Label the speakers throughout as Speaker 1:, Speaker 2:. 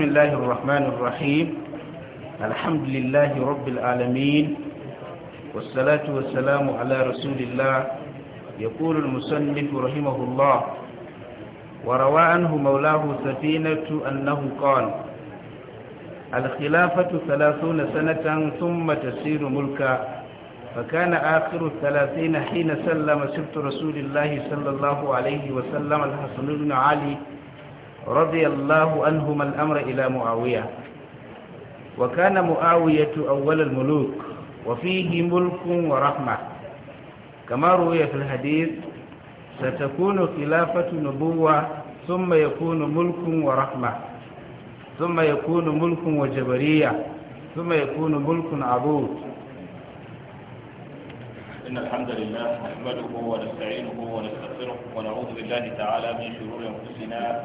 Speaker 1: بسم الله الرحمن الرحيم الحمد لله رب العالمين والصلاة والسلام على رسول الله يقول المصنف رحمه الله وروى عنه مولاه سفينة أنه قال الخلافة ثلاثون سنة ثم تسير ملكا فكان آخر الثلاثين حين سلم سبت رسول الله صلى الله عليه وسلم الحسن بن علي رضي الله عنهما الأمر إلى معاوية وكان معاوية أول الملوك وفيه ملك ورحمة كما روي في الحديث ستكون خلافة نبوة ثم يكون ملك ورحمة ثم يكون ملك وجبرية ثم يكون ملك عبود إن الحمد لله نحمده ونستعينه ونستغفره ونعوذ بالله تعالى من شرور أنفسنا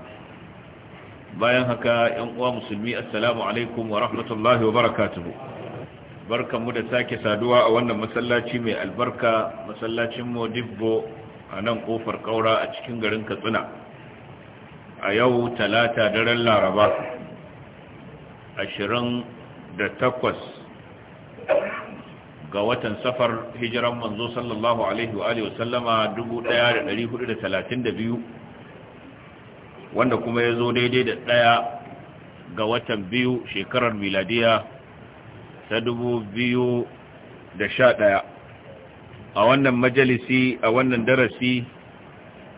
Speaker 1: bayan haka yan uwa musulmi assalamu alaikum wa rahmatullahi wa barakatuhu barkanmu da sake saduwa a wannan masallaci mai albarka masallacin modibbo a nan kofar kaura a cikin garin katsina a yau talata daren laraba 28 ga watan safar hijiran manzo sallallahu alaihi wa alihi wasallama 1432 wanda kuma ya zo daidai da ɗaya ga watan biyu shekarar miladiya ta dubu biyu da sha ɗaya a wannan majalisi a wannan darasi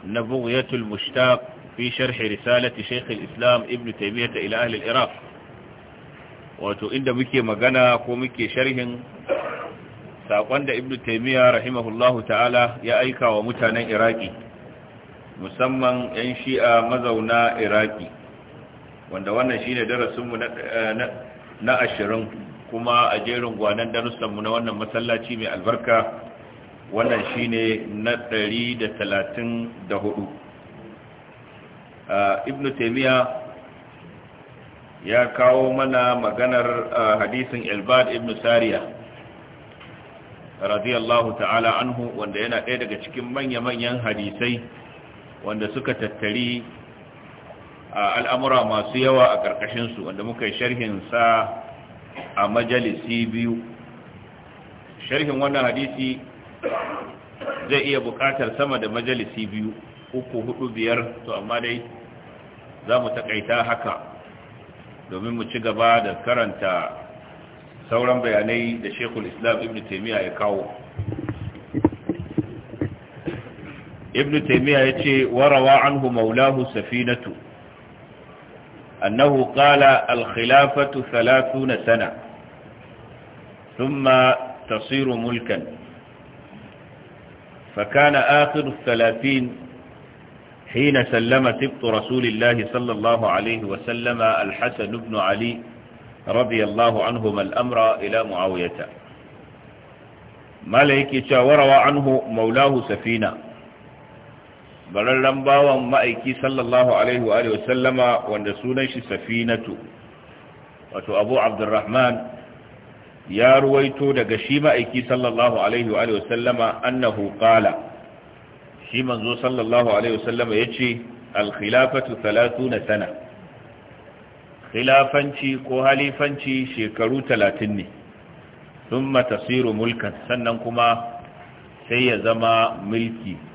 Speaker 1: na bugiyatul mushtaq fi sharhi risalati shaykh islam ibn Taimiyya ta ahli iraq wato inda muke magana ko muke sharhin saƙon da ibn taymiyyah rahimahullahu ta'ala ya aika wa mutanen iraki musamman 'yan shi'a mazauna iraki wanda wannan shi ne darasinmu eh, na ashirin kuma a jerin gwanon darussanmu na wannan masallaci mai albarka wannan shi ne na ɗari da da hudu. Eh, ibn taimiyya ya kawo mana maganar eh, hadisin ilbad ibn sariya radiyallahu ta'ala anhu wanda yana ɗaya daga cikin manya-manyan hadisai wanda suka tattari al'amura masu yawa a ƙarƙashinsu wanda muka yi sa a majalisi biyu sharhin wannan hadisi zai iya buƙatar sama da majalisi biyu uku hudu biyar to amma dai za mu taƙaita haka domin mu ci gaba da karanta sauran bayanai da shekul islam ibn taimiyya ya kawo ابن تيمية يتي وروا عنه مولاه سفينة أنه قال الخلافة ثلاثون 30 ثم تصير ملكا فكان آخر الثلاثين حين سلم سبط رسول الله صلى الله عليه وسلم الحسن بن علي رضي الله عنهما الأمر إلى معاوية ما ليك وروى عنه مولاه سفينة bararren bawan ma'aiki sallallahu alaihi wa sallama wanda sunan shi safinatu wato abu abdurrahman ya ruwaito daga shi ma'aiki sallallahu alaihi wa sallama annahu qala shi manzo sallallahu alaihi wa sallama yace al-khilafatu 30 sana khilafanci ko halifanci shekaru 30 ne thumma tasiru mulkan sannan kuma sai ya zama mulki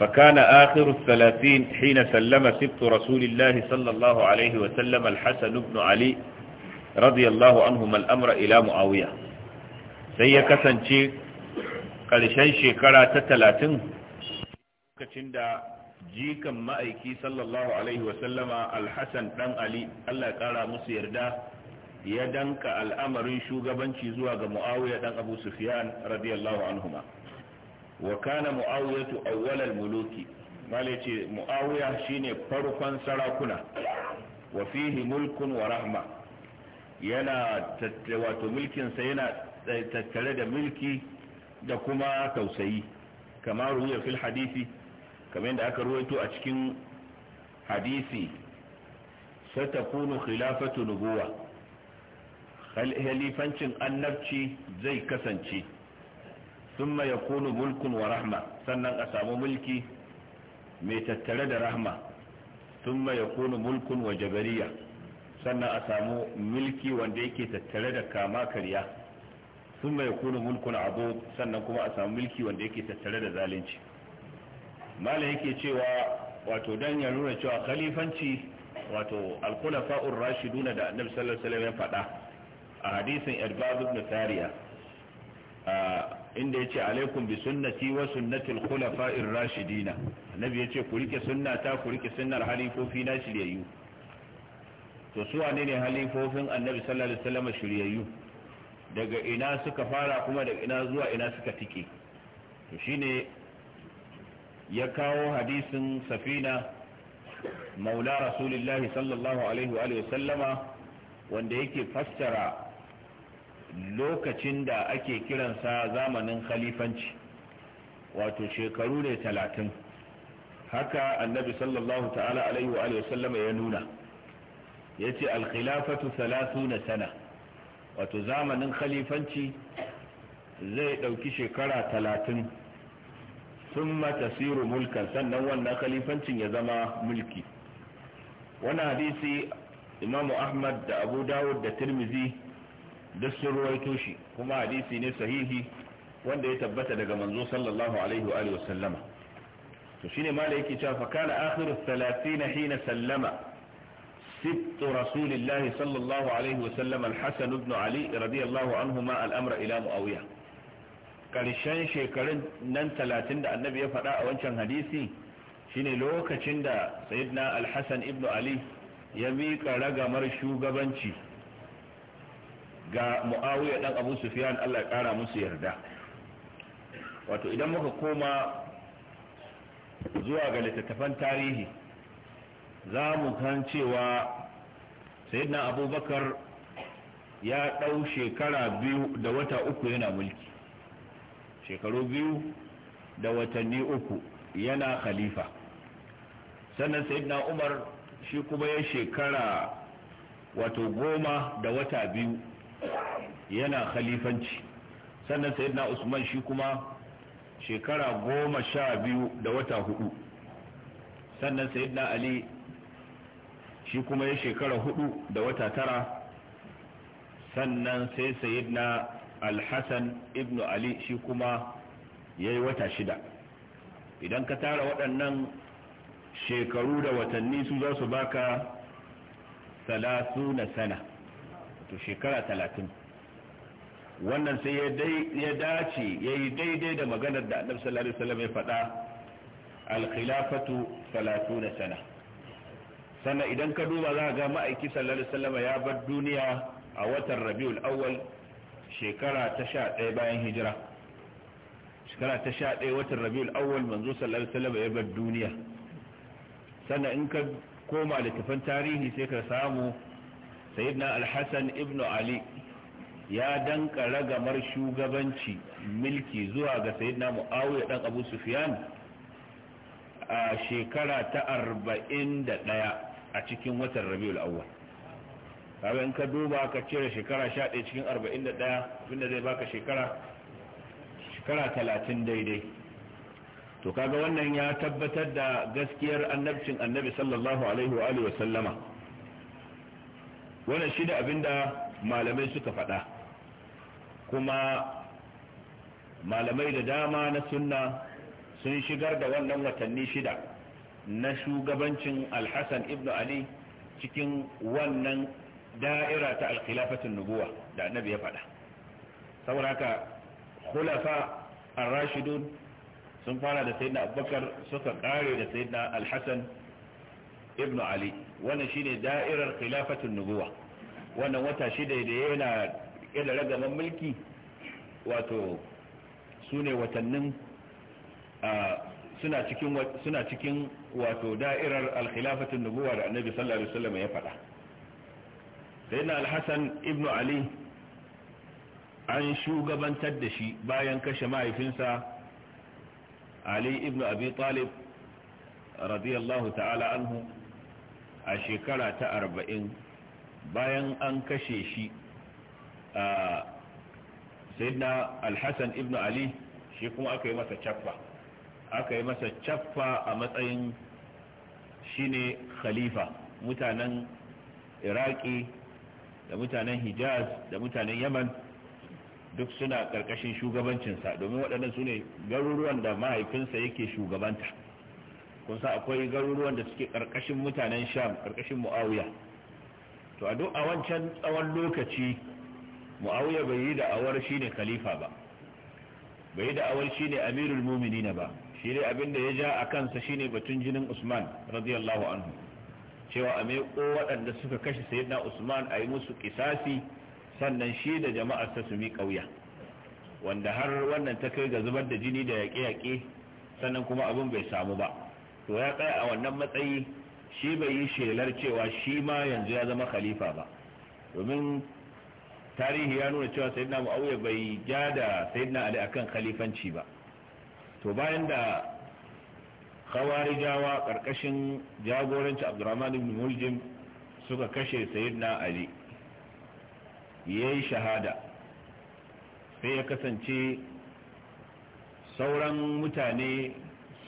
Speaker 1: فكان آخر الثلاثين حين سلم سبط رسول الله صلى الله عليه وسلم الحسن بن علي رضي الله عنهما الأمر إلى معاوية سيكسن شيء قلشان شكرا تتلاتن كتندا جيكا مأيكي صلى الله عليه وسلم الحسن بن علي الله قال مسير ده يدنك الأمر شوغبان شيزوها معاوية دن أبو سفيان رضي الله عنهما wa kana mu'awiyatu awwalal muluki mala ce shine farkon sarakuna wa fihi mulkun wa rahma yana wato mulkinsa yana tattare da mulki da kuma tausayi kamar ruwa fil hadisi kamar aka ruwaito a cikin hadisi satakunu khilafatu nubuwa halifancin annabci zai kasance thumma yakunu mulkun wa rahma sannan a samu mulki mai tattare da rahma thumma yakunu mulkun wa jabariya sannan a samu mulki wanda yake tattare da kama karya thumma yakunu mulkun abu sannan kuma a samu mulki wanda yake tattare da zalunci Malam yake cewa wato dan ya nuna cewa khalifanci wato al-khulafa'ur rashiduna da annabi sallallahu alaihi ya faɗa a hadisin irbad ibn tariya inda yace alaikum bi sunnati wa sunnati al-khulafa'ir rashidina annabi yace ku rike sunnata ku rike sunnar halifofi na shiryayyu to su wane ne halifofin annabi sallallahu alaihi wasallam shiryayyu daga ina suka fara kuma daga ina zuwa ina suka tike to shine ya kawo hadisin safina maula rasulillahi sallallahu alaihi wa sallama wanda yake fassara lokacin da ake kiransa zamanin khalifanci wato shekaru ne talatin haka annabi sallallahu ta'ala alaihi wa sallama ya nuna ya ce alkhilafatu na sana wato zamanin khalifanci zai ɗauki shekara talatin sun matasiru mulkan sannan wannan khalifancin ya zama mulki wani hadisi imamu ahmad da abu dawud da tirmizi duk sun ruwaito shi kuma hadisi ne sahihi wanda ya tabbata daga manzo sallallahu alaihi wa alihi wasallama to shine ma da yake cewa fa kana akhiru 30 hina sallama sibt rasulillahi sallallahu alaihi wa sallam al-hasan ibn ali radiyallahu anhuma al-amra ila muawiya karshen shekarun nan talatin da annabi ya faɗa a wancan hadisi shine lokacin da sayyidina al-hasan ibn ali ya miƙa ragamar shugabanci ga mu'awiyar dan abu sufiyan Allah ya kara musu yarda wato idan muka koma zuwa ga littattafan tarihi za mu kan cewa sayyidina abubakar ya ɗau shekara biyu da wata uku yana mulki shekaru biyu da watanni uku yana khalifa sannan sayyidina umar shi kuma ya shekara wato goma da wata biyu yana khalifanci sannan sayyidina usman shi kuma shekara goma sha biyu da wata hudu sannan sayyidina ali shi kuma ya shekara hudu da wata tara sannan sai sayyidina alhassan ibnu ali shi kuma ya yi wata shida idan ka tara waɗannan shekaru da watanni su za su baka salasu na sana to shekara talatin wannan sai ya dace ya yi daidai da maganar da annabi sallallahu alaihi wasallam ya faɗa al-khilafatu 30 sana sannan idan ka duba za ga ma'aiki sallallahu alaihi wasallam ya bar duniya a watan Rabiul Awwal shekara ta 11 bayan hijira shekara ta 11 watan Rabiul Awwal manzo sallallahu alaihi wasallam ya bar duniya sannan in ka koma da tafan tarihi sai ka samu sayyidina Alhassan ibn ali ya danka ragamar shugabanci milki zuwa ga sayyidina muawiya dan abu sufyan a shekara ta 41 a cikin watan rabiul awwal kaga in ka duba ka cire shekara 11 cikin 41 tunda zai baka shekara shekara 30 daidai to kaga wannan ya tabbatar da gaskiyar annabcin annabi sallallahu alaihi wa alihi wa sallama wannan shi da abinda malamai suka faɗa kuma malamai da dama na sunna sun shigar da wannan watanni shida na shugabancin alhassan ibn ali cikin wannan da'ira ta alkhilafatin nubuwa da annabi ya faɗa saboda haka khulafa ar-rashidun sun fara da sayyidina abubakar suka kare da sayyidina alhassan ibn ali wannan shine da'irar khilafatun nubuwa wannan wata shida da yana yana ragaman mulki wato su watannin suna cikin suna cikin wato da'irar al-khilafatun nubuwa da annabi sallallahu alaihi wasallam ya faɗa sayyidina al-hasan ali an shugabantar da shi bayan kashe mahaifinsa ali ibnu abi talib radiyallahu ta'ala anhu a shekara ta arba'in bayan an kashe shi a alhassan ibn ali shi kuma aka yi masa caffa aka yi masa caffa a matsayin shine khalifa mutanen iraki da mutanen hijaz da mutanen yaman duk suna ƙarƙashin shugabancinsa domin waɗannan su ne garuruwan da mahaifinsa yake shugabanta kun sa akwai garuruwan da suke karkashin mutanen sham karkashin muawiya to a duk a wancan tsawon lokaci muawiya bai yi da awar shi ne khalifa ba bai yi da awar ne amirul mu'minina ba shi dai abin da ya ja a kansa shi ne batun jinin usman radiyallahu anhu cewa a ko waɗanda suka kashe sayyidina usman a yi musu kisasi sannan shi da jama'ar ta su mi ƙauya wanda har wannan ta kai ga zubar da jini da yaƙe-yaƙe sannan kuma abin bai samu ba to ya tsaya a wannan matsayi shi bai yi shelar cewa shi ma yanzu ya zama khalifa ba domin tarihi ya nuna cewa sayyidina mu'awiya bai ja da sayyidina ali akan khalifanci ba to bayan da khawarijawa karkashin jagoranci abdurrahman ibn muljim suka kashe sayyidina ali yayi shahada sai ya kasance sauran mutane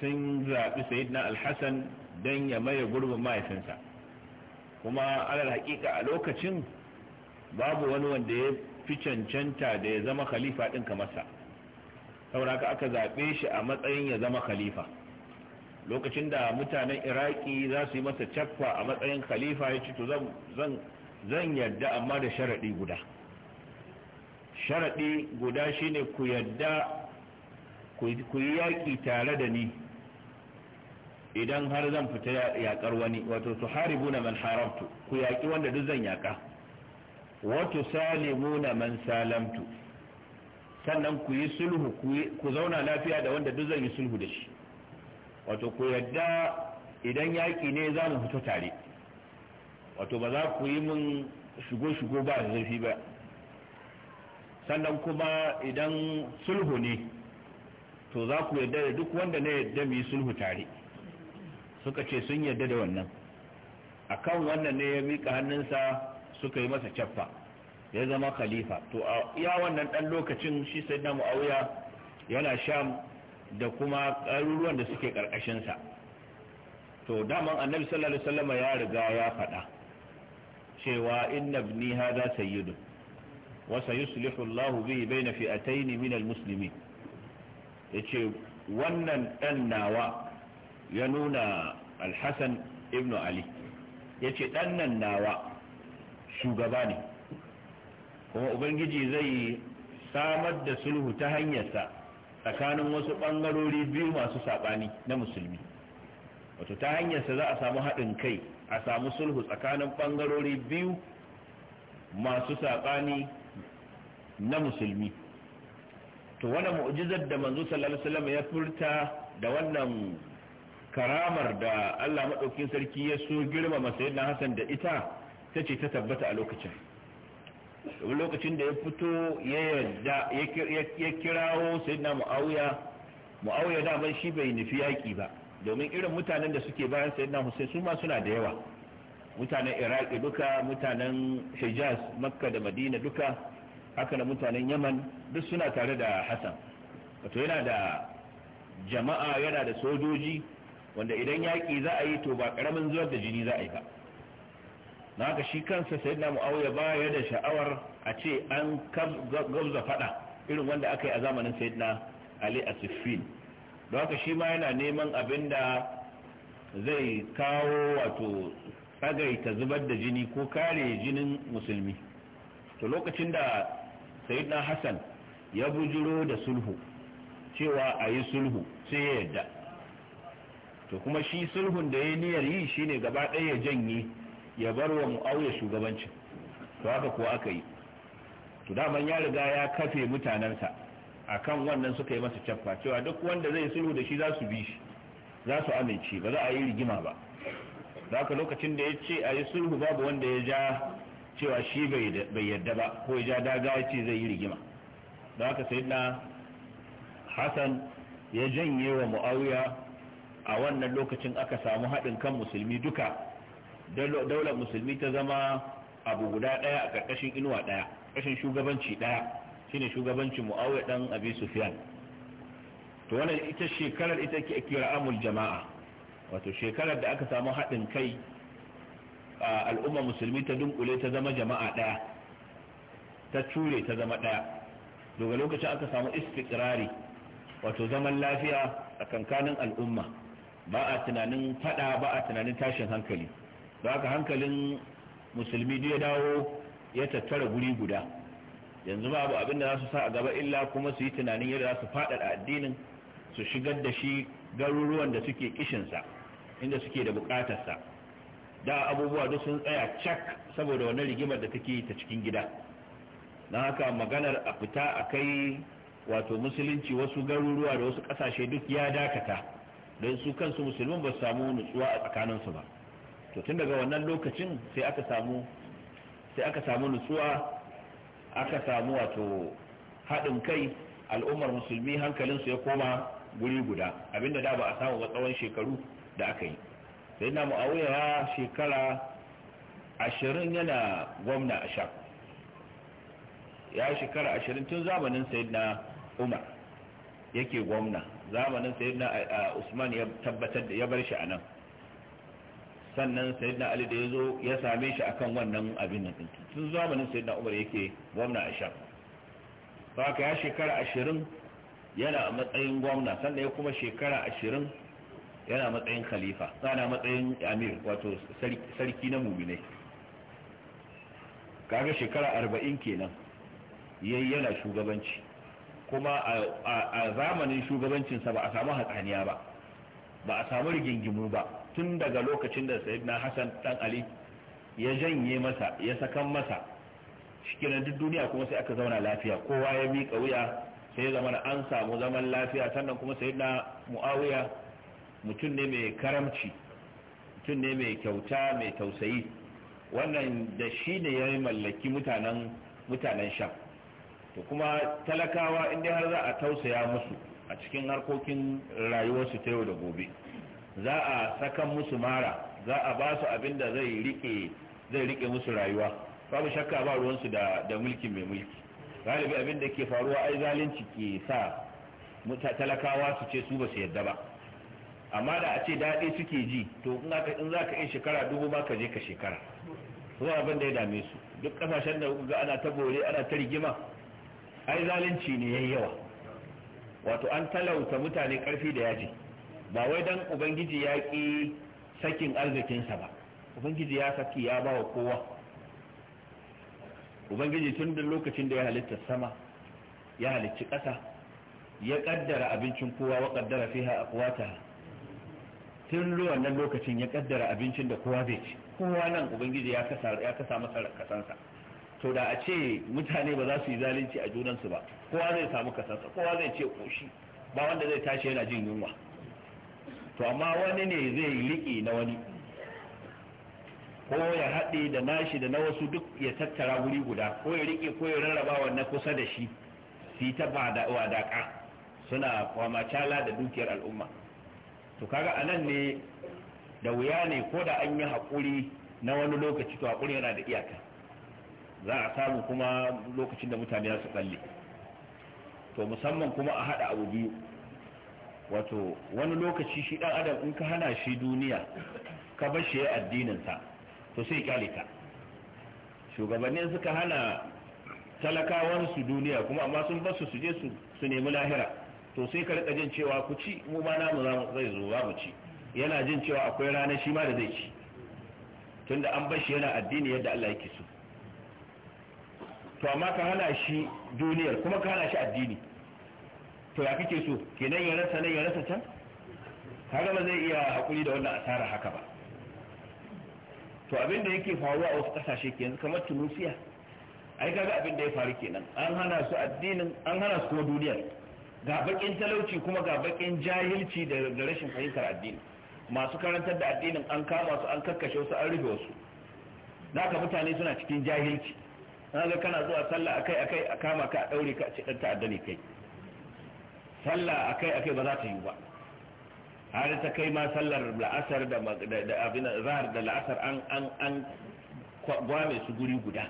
Speaker 1: sun zaɓi sayyidina alhassan don ya maye gurbin mahaifinsa kuma alal hakika a lokacin babu wani wanda ya fi cancanta da ya zama khalifa ɗin kamarsa sauraka aka zaɓe shi a matsayin ya zama khalifa lokacin da mutanen iraki za su yi masa caffa a matsayin khalifa ya ce to zan yarda amma da sharaɗi guda sharaɗi guda shine ku yarda ku yi yaƙi tare da ni idan har zan fita yakar wani wato su na man haramtu ku yaki wanda duk zan yaka wato na man salamtu sannan ku yi sulhu ku zauna lafiya da wanda duk zan yi sulhu da shi wato ku yadda idan yaki ne za mu fita tare wato ba za ku yi mun shigo-shigo ba da zafi ba sannan kuma idan sulhu ne to za ku yadda da duk wanda na yadda mu yi sulhu tare suka ce sun yarda da wannan A kan wannan ne ya miƙa hannunsa suka yi masa caffa ya zama khalifa to a iya wannan dan lokacin shi sai na muawiya yana sham da kuma ƙaruruwan da suke ƙarƙashinsa. to daman annabi sallallahu alaihi wasallam ya riga ya faɗa cewa inna ibni hada sayyidu wa sayuslihu Allah bihi baina fi'atayn min al-muslimin yace wannan dan nawa ya nuna alhassan ibn ali ya ce ɗannan nawa shugaba ne kuma ubangiji zai samar da sulhu ta hanyarsa tsakanin wasu ɓangarori biyu masu saɓani na musulmi wato ta hanyarsa za a samu haɗin kai a samu sulhu tsakanin ɓangarori biyu masu saɓani na musulmi to wannan mu'jizar da manzo sallallahu alaihi wasallam ya furta da wannan karamar da Allah maɗaukin sarki ya so girmama yadda Hassan da ita ta ce ta tabbata a lokacin domin lokacin da ya fito ya kirawo sayyidina Muawiya Muawiya da shi bai nufi yaƙi ba domin irin mutanen da suke bayan sayyidina Hussein su ma suna da yawa mutanen Iraki duka mutanen Hijaz Makka da Madina duka haka da mutanen Yaman duk suna tare da Hassan wato yana da jama'a yana da sojoji wanda idan yaƙi za a yi to ba ƙaramin zuwar da jini za a yi ba na haka shi kansa sai na ya ba ya da sha'awar a ce an gabza faɗa irin wanda aka yi a zamanin sai na ali a siffin don haka shi ma yana neman abin da zai kawo wato tsagaita zubar da jini ko kare jinin musulmi to lokacin da sayyidina hassan ya bujiro da sulhu cewa a yi sulhu sai ya yadda to kuma shi sulhun da ya niyyar yi shi ne gaba ɗaya ya janye ya bar wa mu'awiya shugabancin to haka ko aka yi to daman ya riga ya kafe mutanensa akan wannan suka yi masa caffa cewa duk wanda zai sulhu da shi za su bi shi za su amince ba za a yi rigima ba za ka lokacin da ya ce a yi sulhu babu wanda ya ja cewa shi bai yadda ba ko ya ja daga ya ce zai yi rigima da haka sai na hassan ya janye wa mu'awiya a wannan lokacin aka samu haɗin kan musulmi duka daular musulmi ta zama abu guda ɗaya a ƙarƙashin inuwa ɗaya ƙarƙashin shugabanci ɗaya shine shugabancin mu'awiyar ɗan abi sufyan to wannan ita shekarar ita ke kira amul jama'a wato shekarar da aka samu haɗin kai a al'umma musulmi ta dunkule ta zama jama'a ɗaya ta ture ta zama ɗaya daga lokacin aka samu istikrari wato zaman lafiya a kankanin al'umma ba a tunanin fada ba a tunanin tashin hankali ba haka hankalin musulmi duk ya dawo ya tattara guri guda yanzu babu abin da za su sa a gaba illa kuma su yi tunanin yadda za su faɗaɗa addinin su shigar da shi garuruwan da suke kishinsa inda suke da bukatarsa da abubuwa duk sun tsaya cak saboda wani rigimar da take ta cikin gida na haka maganar a fita a kai wato musulunci wasu garuruwa da wasu kasashe duk ya dakata don su kansu musulmin ba su samu nutsuwa a tsakaninsu ba to tun daga wannan lokacin sai aka samu sai aka samu nutsuwa aka samu wato haɗin kai al'ummar musulmi hankalinsu ya koma guri guda abinda da ba a samu ba tsawon shekaru da aka yi sai na mu'awiyar shekara ashirin yana gwamna a ya shekara ashirin tun zamanin sayid na umar yake gwamna zamanin sayyidina Usman ya tabbatar da ya bar shi anan sannan sayyidina Ali da yazo ya same shi akan wannan abin nan din tun zamanin sayyidina Umar yake gwamna a Sham haka ya shekara 20 yana a matsayin gwamna sannan ya kuma shekara 20 yana matsayin khalifa sana matsayin amir wato sarki na mu'mine kaga shekara 40 kenan yayi yana shugabanci kuma a zamanin shugabancinsa ba a samu hatsaniya ba ba a samu rigingimu ba tun daga lokacin da sayyidina hassan dan ali ya janye masa ya sakan masa shikenan duk duniya kuma sai aka zauna lafiya kowa ya miƙa wuya sai zama an samu zaman lafiya sannan kuma sayyidina muawiya mutum ne mai karamci mutum ne mai kyauta mai tausayi wannan da shi ne ya mallaki mutanen mutanen sham to kuma talakawa inda har za a tausaya musu a cikin harkokin rayuwarsu ta yau da gobe za a sakan musu mara za a ba su abin da zai rike zai musu rayuwa babu shakka ba ruwansu da da mulki mai mulki galibi abin da ke faruwa ai zalunci ke sa talakawa su ce su ba su yadda ba amma da a ce daɗi suke ji to in za ka yi shekara dubu ba ka je ka shekara zuwa abin da ya dame su duk kasashen da ga ana ta bore ana ta rigima ai zalunci ne yayi yawa wato an talauta mutane karfi da yaji ba wai dan ubangiji ya ki sakin arzikinsa ba ubangiji ya saki ya bawa kowa ubangiji tun da lokacin da ya halitta sama ya halicci ƙasa ya kaddara abincin kowa wa kaddara fiha aqwata tun wannan lokacin ya kaddara abincin da kowa zai ci kowa nan ubangiji ya kasa ya kasa masa kasansa to da a ce mutane ba za su yi zalunci a junansu ba kowa zai samu kasansa kowa zai ce koshi ba wanda zai tashi yana jin yunwa to amma wani ne zai liƙi na wani ko ya haɗe da nashi da na wasu duk ya tattara wuri guda ko ya riƙe ko ya rarraba na kusa da shi su yi da wadaƙa suna cala da dukiyar al'umma to kaga nan ne da wuya ne ko da an yi haƙuri na wani lokaci to haƙuri yana da iyaka za a samu kuma lokacin da mutane su tsalle to musamman kuma a haɗa abu biyu wato wani lokaci shi ɗan adam in ka hana shi duniya ka bar shi addininsa to sai kyale ta shugabanni suka hana talakawansu duniya kuma amma sun basu su je su nemi lahira to sai ka rika jin cewa ku ci mu ma namu zai zo za mu ci yana jin cewa akwai rana shi ma da zai ci tunda an bar shi yana addini yadda Allah yake so to amma ka hana shi duniyar kuma ka hana shi addini to ya kike so kenan ya rasa nan ya rasa can kaga ba zai iya hakuri da wannan asara haka ba to abin da yake faruwa a wasu kasashe ke yanzu kamar tunisia ai kaga abin da ya faru kenan an hana su addinin an hana su kuma duniyar ga bakin talauci kuma ga bakin jahilci da rashin fahimtar addini masu karantar da addinin an kama su an kakkashe su an rufe wasu naka mutane suna cikin jahilci kaga kana zuwa sallah akai akai a kama ka a daure ka a ce dan ta'adda ne kai sallah akai akai ba za ta yi ba har ta kai ma sallar la'asar da abin zahar da la'asar an an an gwame su guri guda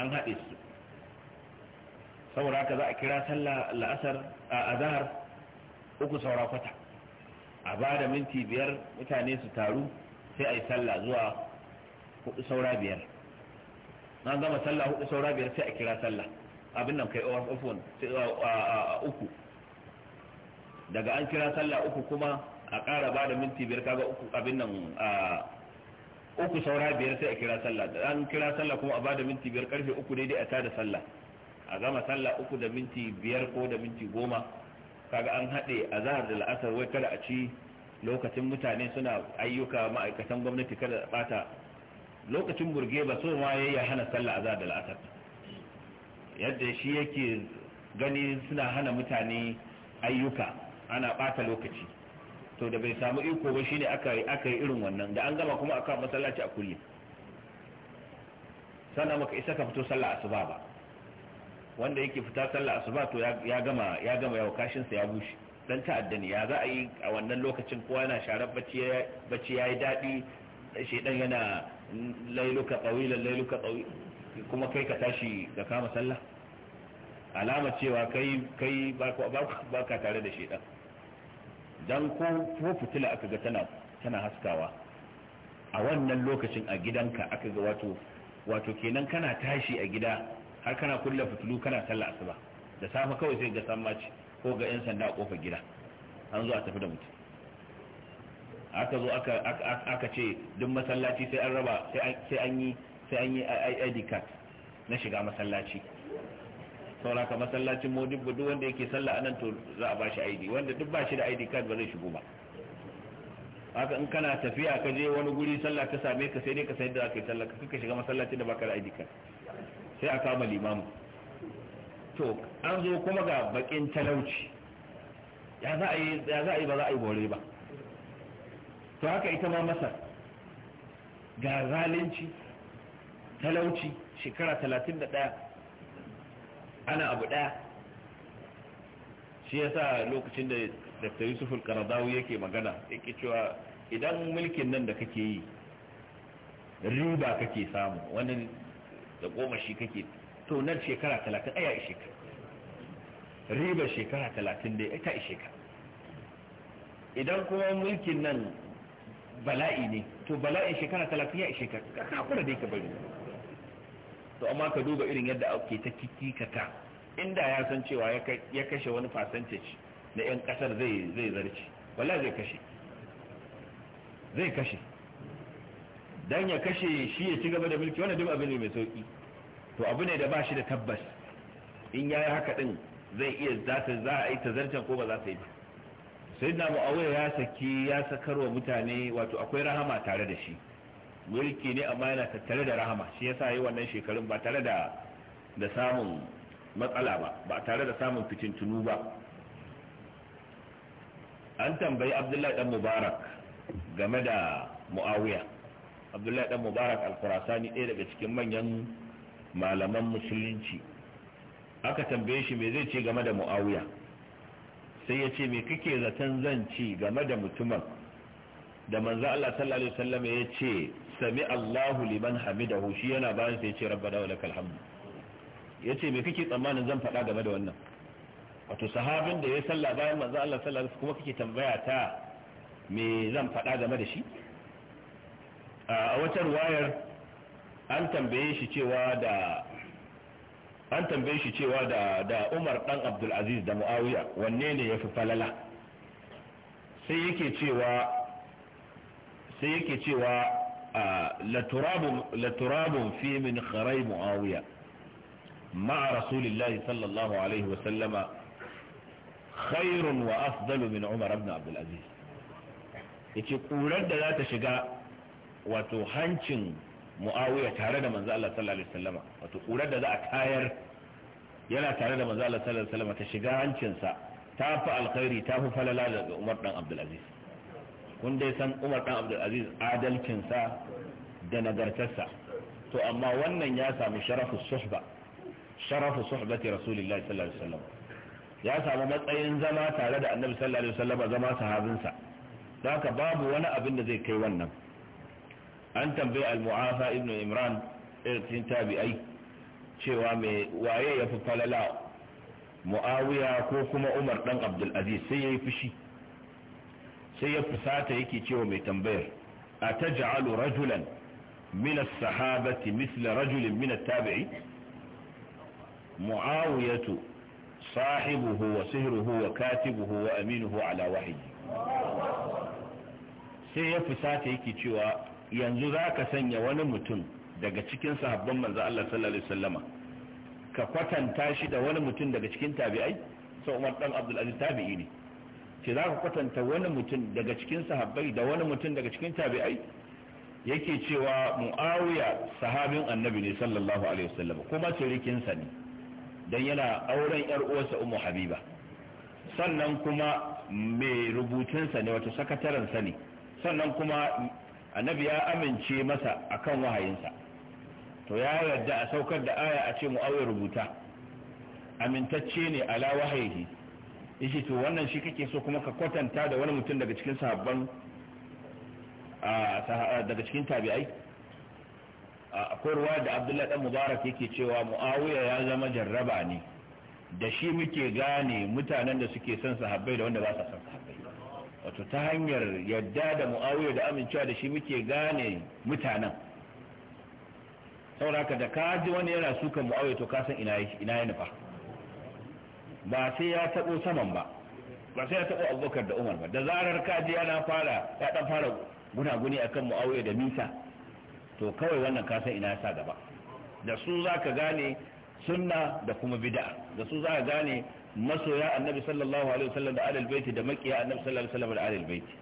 Speaker 1: an haɗe su saboda haka za a kira sallah la'asar a zahar uku saura kwata a ba da minti biyar mutane su taru sai a yi sallah zuwa hudu saura biyar an gama sallah hudu saura biyar sai a kira sallah abin nan kai ofon uku daga an kira sallah uku kuma a ƙara ba da minti biyar kaga uku abin nan uku saura biyar sai a kira sallah da an kira sallah kuma a ba da minti biyar karfe uku daidai a ta da sallah a gama sallah uku da minti biyar ko da minti goma kaga an haɗe a zahar da la'asar wai kada a ci lokacin mutane suna ayyuka ma'aikatan gwamnati kada ɓata. lokacin burge ba so ma ya hana sallah a da la'asar yadda shi yake gani suna hana mutane ayyuka ana bata lokaci to da bai samu iko ba shine aka yi aka yi irin wannan da an gama kuma aka masallaci a kulli sana maka isa ka fito sallah asuba ba wanda yake fita sallah asuba to ya gama ya gama yau kashin sa ya bushe dan ta'adda ne ya za a yi a wannan lokacin kowa yana sharar bacci bacci yayi dadi shedan yana lailuka tsawilan lailuka tsawi kuma kai ka tashi ka kama sallah alama cewa kai kai ba ka tare da shaidan dan ko fitila aka ga tana tana haskawa a wannan lokacin a gidanka aka ga wato wato kenan kana tashi a gida har kana kulla fitilu kana sallah asuba da safe kawai sai ga sammaci ko ga yan sanda a kofar gida an zo a tafi da mutum aka zo aka aka ce duk masallaci sai an raba sai an yi sai an yi ID card na shiga masallaci sauraka masallacin modibbo duk wanda yake sallah anan to za a shi ID wanda duk bashi da ID card ba zai shigo ba haka in kana tafiya ka je wani guri sallah ka same ka sai dai ka sayar da aka yi sallah ka kika shiga masallacin da baka da ID card sai a kama limamu to an zo kuma ga bakin talauci ya za a yi ba za a yi bore ba to haka ita ma masar ga zalunci talauci shekara 31 ana abu daya shi yasa lokacin da dr yusuf al yake magana yake cewa idan mulkin nan da kake yi riba kake samu wani da goma shi kake to nan shekara 30 aya ishe ka riba shekara 30 dai ita ishe ka idan kuma mulkin nan bala'i ne to bala'in shekara talatin ya ishe ka ka kula dai ka bari to amma ka duba irin yadda ake ta kikikata inda ya san cewa ya kashe wani percentage na 'yan kasar zai zai zarci wala zai kashe zai kashe dan ya kashe shi ya ci gaba da mulki wannan duk abin ne mai sauki to abu ne da ba shi da tabbas in yayi haka din zai iya za ta za a yi tazarcen ko ba za ta yi ba sai na mu'awiyar ya saki ya sakarwa mutane wato akwai rahama tare da shi mulki ne amma yana tattare da rahama shi yasa yi wannan shekarun ba tare da da samun matsala ba ba tare da samun fitintunu ba an tambayi abdullahi dan mubarak game da mu'awiya abdullahi dan mubarak al-qurasani ɗaya daga cikin manyan malaman musulunci aka tambaye shi me zai ce game da mu'awiya sai ya ce me kake zaton zan ci game da mutumin da manzan Allah sallallahu alaihi wasallam ya ce sami Allahu liman hamida shi yana bayan sai ya ce da wadda kalhamdu ya ce me kake tsammanin zan faɗa game da wannan wato sahabin da ya salla bayan manzan Allah sallallahu alaihi wasallam kuma kake tambaya ta me zan faɗa game da shi a wata ruwayar an tambaye shi cewa da an tambaye shi cewa da Umar dan Abdul Aziz da Muawiya wanne ne yafi falala sai yake cewa sai yake cewa la turabun fi min kharai Muawiya ma'a rasulillah sallallahu alaihi wa sallama khairun wa afdalu min Umar ibn Abdul Aziz yace kurar da za ta shiga wato hancin muawiya tare da manzo Allah sallallahu alaihi wasallama wato kurar da za a tayar yana tare da manzo Allah sallallahu alaihi wasallama ta shiga hancinsa ta fi alkhairi ta fi falala daga Umar dan Abdul Aziz kun dai san Umar dan Abdul Aziz adalcinsa da nagartarsa to amma wannan ya samu sharafu suhba sharafu suhbati rasulillahi sallallahu alaihi wasallam ya samu matsayin zama tare da annabi sallallahu alaihi wasallam zama sahabinsa haka babu wani abin da zai kai wannan an tambaya al-mu'afa ibn imran irin ai cewa mai waye ya fi falala mu'awiya ko kuma umar dan abdul aziz sai ya yi fushi sai ya fusata yake cewa mai tambayar a ta ja'alu rajulan min as-sahabati mithla rajulin min at-tabi'i mu'awiyatu sahibuhu wa sihruhu wa katibuhu wa aminuhu ala wahyi sai ya fusata yake cewa yanzu za ka sanya wani mutum daga cikin sahabban manzo Allah sallallahu alaihi wasallama ka kwatanta shi da wani mutum daga cikin tabi'ai sai Umar dan Abdul Aziz tabi'i ne ce za ka kwatanta wani mutum daga cikin sahabbai da wani mutum daga cikin tabi'ai yake cewa Muawiya sahabin Annabi ne sallallahu alaihi wasallama kuma cirikin sa ne dan yana auren yar uwarsa Ummu Habiba sannan kuma mai rubutunsa ne wato sa ne sannan kuma annabi ya amince masa a kan wahayinsa to ya yarda a saukar da aya a ce mu'awai rubuta amintacce ne ala wahayi Ishi to wannan shi kake so kuma ka kwatanta da wani mutum daga cikin sahabban daga cikin tabi'ai akwai ruwa da abdullahi dan mubarak yake cewa mu'awiya ya zama jarraba ne da shi muke gane mutanen da suke son sahabbai da wanda ba sa son sahabbai wato ta hanyar yadda da mu'awiyar da amincewa da shi muke gane mutanen sauraka da ka ji wani yana suka mu'awiyar to kasan ina ya nufa ba sai ya taɓo saman ba ba sai ya taɓo abubakar da umar ba da zarar kaji yana fara ya ɗan fara gunaguni kan mu'awiyar da misa to kawai wannan kasan ina ya sa gaba da su za ka gane sunna da kuma bid'a da su za ka gane masoya annabi sallallahu alaihi wasallam da alal baiti da makiya annabi sallallahu alaihi wasallam da alal baiti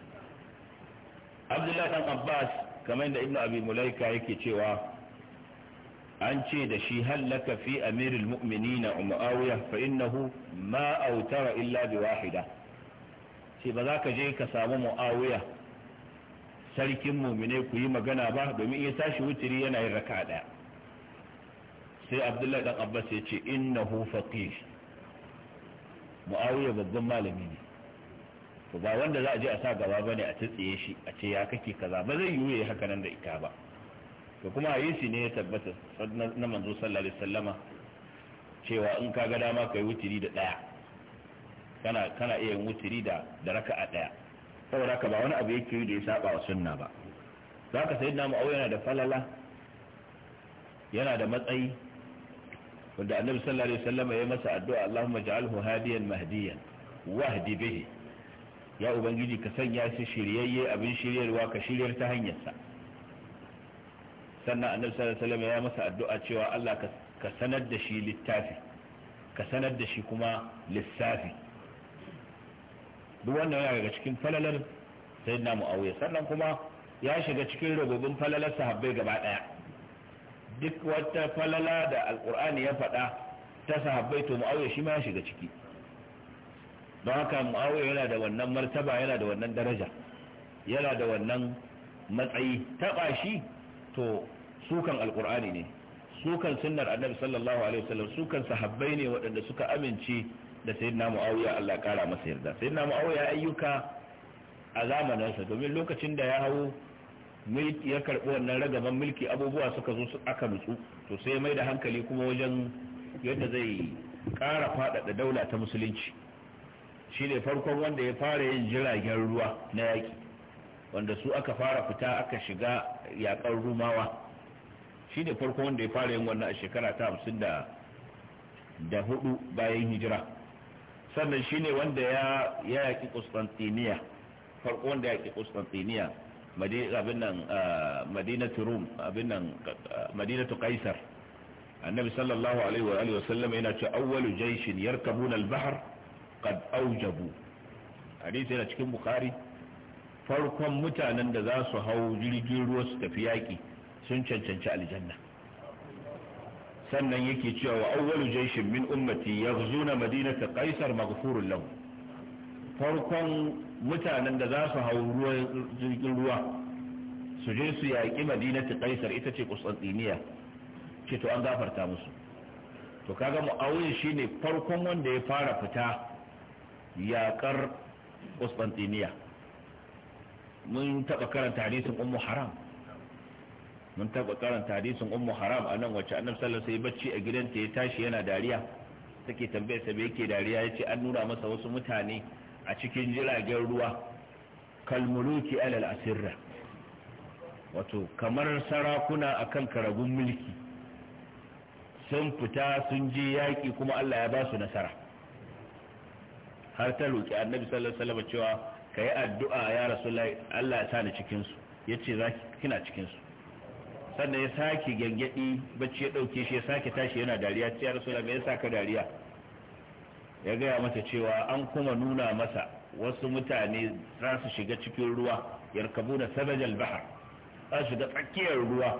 Speaker 1: abdullahi dan abbas kamar da ibnu abi mulaika yake cewa an ce da shi hallaka fi amirul mu'minina muawiya fa innahu ma autara illa bi wahida sai ba za ka je ka samu muawiya sarkin mumine ku yi magana ba domin ya tashi wutiri yana yin raka daya sai abdullahi dan abbas ya ce innahu faqih muawiya babban malami ne to ba wanda za a je a sa gaba bane a tsitsiye shi a ce ya kake kaza ba zai yiwu yayi haka nan da ita ba to kuma hadisi ne ya tabbata na manzo sallallahu alaihi wasallama cewa in ka ga dama kai wutiri da daya kana kana iya wutiri da da raka'a daya saboda ka ba wani abu yake yi da ya saba wa sunna ba zaka sayyidina mu'awiya yana da falala yana da matsayi wanda annabi sallallahu alaihi wasallam ya masa addu'a Allahumma ja'alhu hadiyan mahdiyan wahdi bihi ya ubangiji ka sanya shi shiryayye abin shiryarwa ka shiryar ta hanyarsa sannan annabi sallallahu alaihi wasallam ya masa addu'a cewa Allah ka sanar da shi littafi ka sanar da shi kuma lissafi duk wannan yana daga cikin falalar sayyidina muawiya sannan kuma ya shiga cikin rububin falalar sahabbai gaba daya duk wata falala da alkur'ani ya faɗa ta sahabbai to mu'awiya shi ma ya shiga ciki don haka mu'awiya yana da wannan martaba yana da wannan daraja yana da wannan matsayi taɓa shi to sukan alkur'ani ne sukan sunnar annabi sallallahu alaihi wasallam sukan sahabbai ne waɗanda suka amince da sayyidina mu'awiya Allah kara masa yarda sayyidina mu'awiya ayyuka a zamaninsa domin lokacin da ya hawo mulki ya karbi wannan ragaban mulki abubuwa suka zo aka nutsu to sai mai da hankali kuma wajen yadda zai kara faɗaɗa daula ta musulunci shine farkon wanda ya fara yin jiragen ruwa na yaki wanda su aka fara fita aka shiga yakan rumawa shine farkon wanda ya fara yin wannan a shekara ta hamsin da hudu bayan hijira sannan shine wanda ya yaƙi kustantiniya farkon wanda ya yaƙi kustantiniya. Ah, abin nan madinatu rum annabi sallallahu alaihi wa alihi yana cewa awwalu jaishin yarkabuna al-bahr qad awjabu hadisi yana cikin bukari farkon mutanen da za su hau jirgin ruwa su tafi yaƙi sun cancanci aljanna sannan yake cewa wa awwalu jaishin min ummati yaghzuna madinata qaisar maghfurun lahu farkon mutanen da za su hau jirgin ruwa su je su yaƙi madinatu kaisar ita ce kusantiniya ce to an gafarta musu to kaga shi shine farkon wanda ya fara fita yaƙar kusantiniya mun taɓa karanta hadisin ummu haram mun taɓa karanta hadisin ummu haram a nan wacce annabi sallallahu alaihi sai bacci a gidanta ya tashi yana dariya take tambayar sa me yake dariya yace an nuna masa wasu mutane a cikin jiragen ruwa kalmuluki alal asirra wato kamar sarakuna akan karagun mulki sun fita sun je yaƙi kuma Allah ya ba su nasara har ta roƙi annabi sallallahu alaihi wasallam cewa kai addu'a ya rasulullahi Allah ya sani cikin su yace za kina cikin su sannan ya saki gangadi bacci ya dauke shi ya saki tashi yana dariya ya rasulullahi me yasa ka dariya ya gaya mata cewa an kuma nuna masa wasu mutane za su shiga cikin ruwa yarkabu da sabajal bahar za su shiga tsakiyar ruwa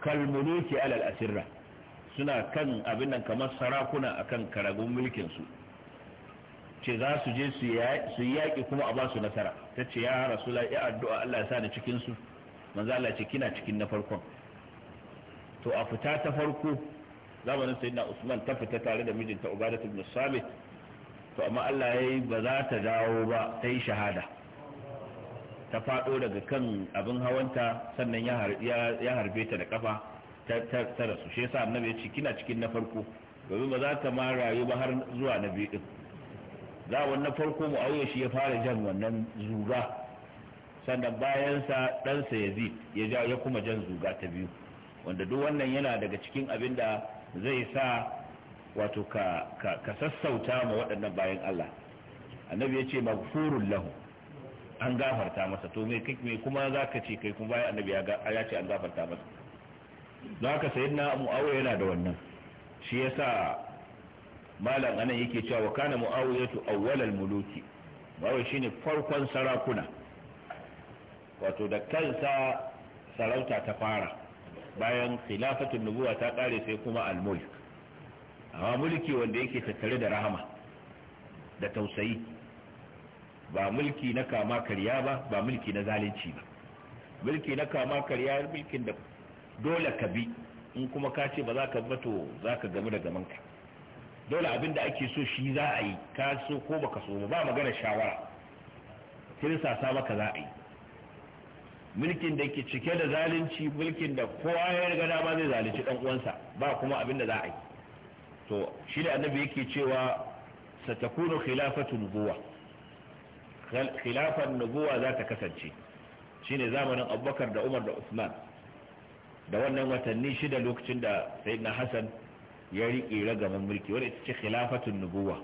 Speaker 1: kalmuluki alal asirra suna kan abin nan kamar sarakuna akan karagun mulkin su ce za su je su yaƙi kuma a ba su nasara ta ce ya rasula ya addu'a Allah ya sa ni cikin su manzo Allah ce kina cikin na farkon to a fita ta farko zamanin sayyidina Usman ta fita tare da mijinta Ubadat ibn Samit to amma Allah yayi ba za ta dawo ba ta shahada ta fado daga kan abin hawanta sannan ya harbe ta da kafa ta rasu shi yasa annabi ya ce kina cikin na farko domin ba za ta ma rayu ba har zuwa na biyu din za wannan farko mu'awiya shi ya fara jan wannan zuga sannan bayansa ɗansa yazid ya ja ya kuma jan zuga ta biyu wanda duk wannan yana daga cikin abin da zai sa wato ka ka sassauta ma waɗannan bayan Allah annabi ya ce maghfurun lahu an gafarta masa to me kike kuma ka ce kai kuma bayan annabi ya ce an gafarta masa don haka sayyidina muawiya yana da wannan shi yasa malam anan yake cewa wa kana muawiyatu awwalal muluki bawai shine farkon sarakuna wato da kansa sarauta ta fara bayan khilafatun nubuwa ta ƙare sai kuma al-mulk amma mulki wanda yake tattare da rahama da tausayi ba mulki na kama karya ba ba mulki na zalunci ba mulki na kama karya mulkin da dole ka bi in kuma ka ce ba za ka bato za ka gamu da gamanka dole abin da ake so shi za a yi ka so ko baka so ba magana shawara tirsa sa maka za a yi mulkin da ke cike da zalunci mulkin da kowa ya riga dama zai zalunci dan uwansa ba kuma abin da za a yi to shi annabi yake cewa satakunu khilafatu nubuwa khilafan nubuwa za ta kasance shine zamanin abubakar da umar da usman da wannan watanni shida lokacin da sayyidina hasan ya riƙe ragaman mulki wanda ita ce khilafatun nubuwa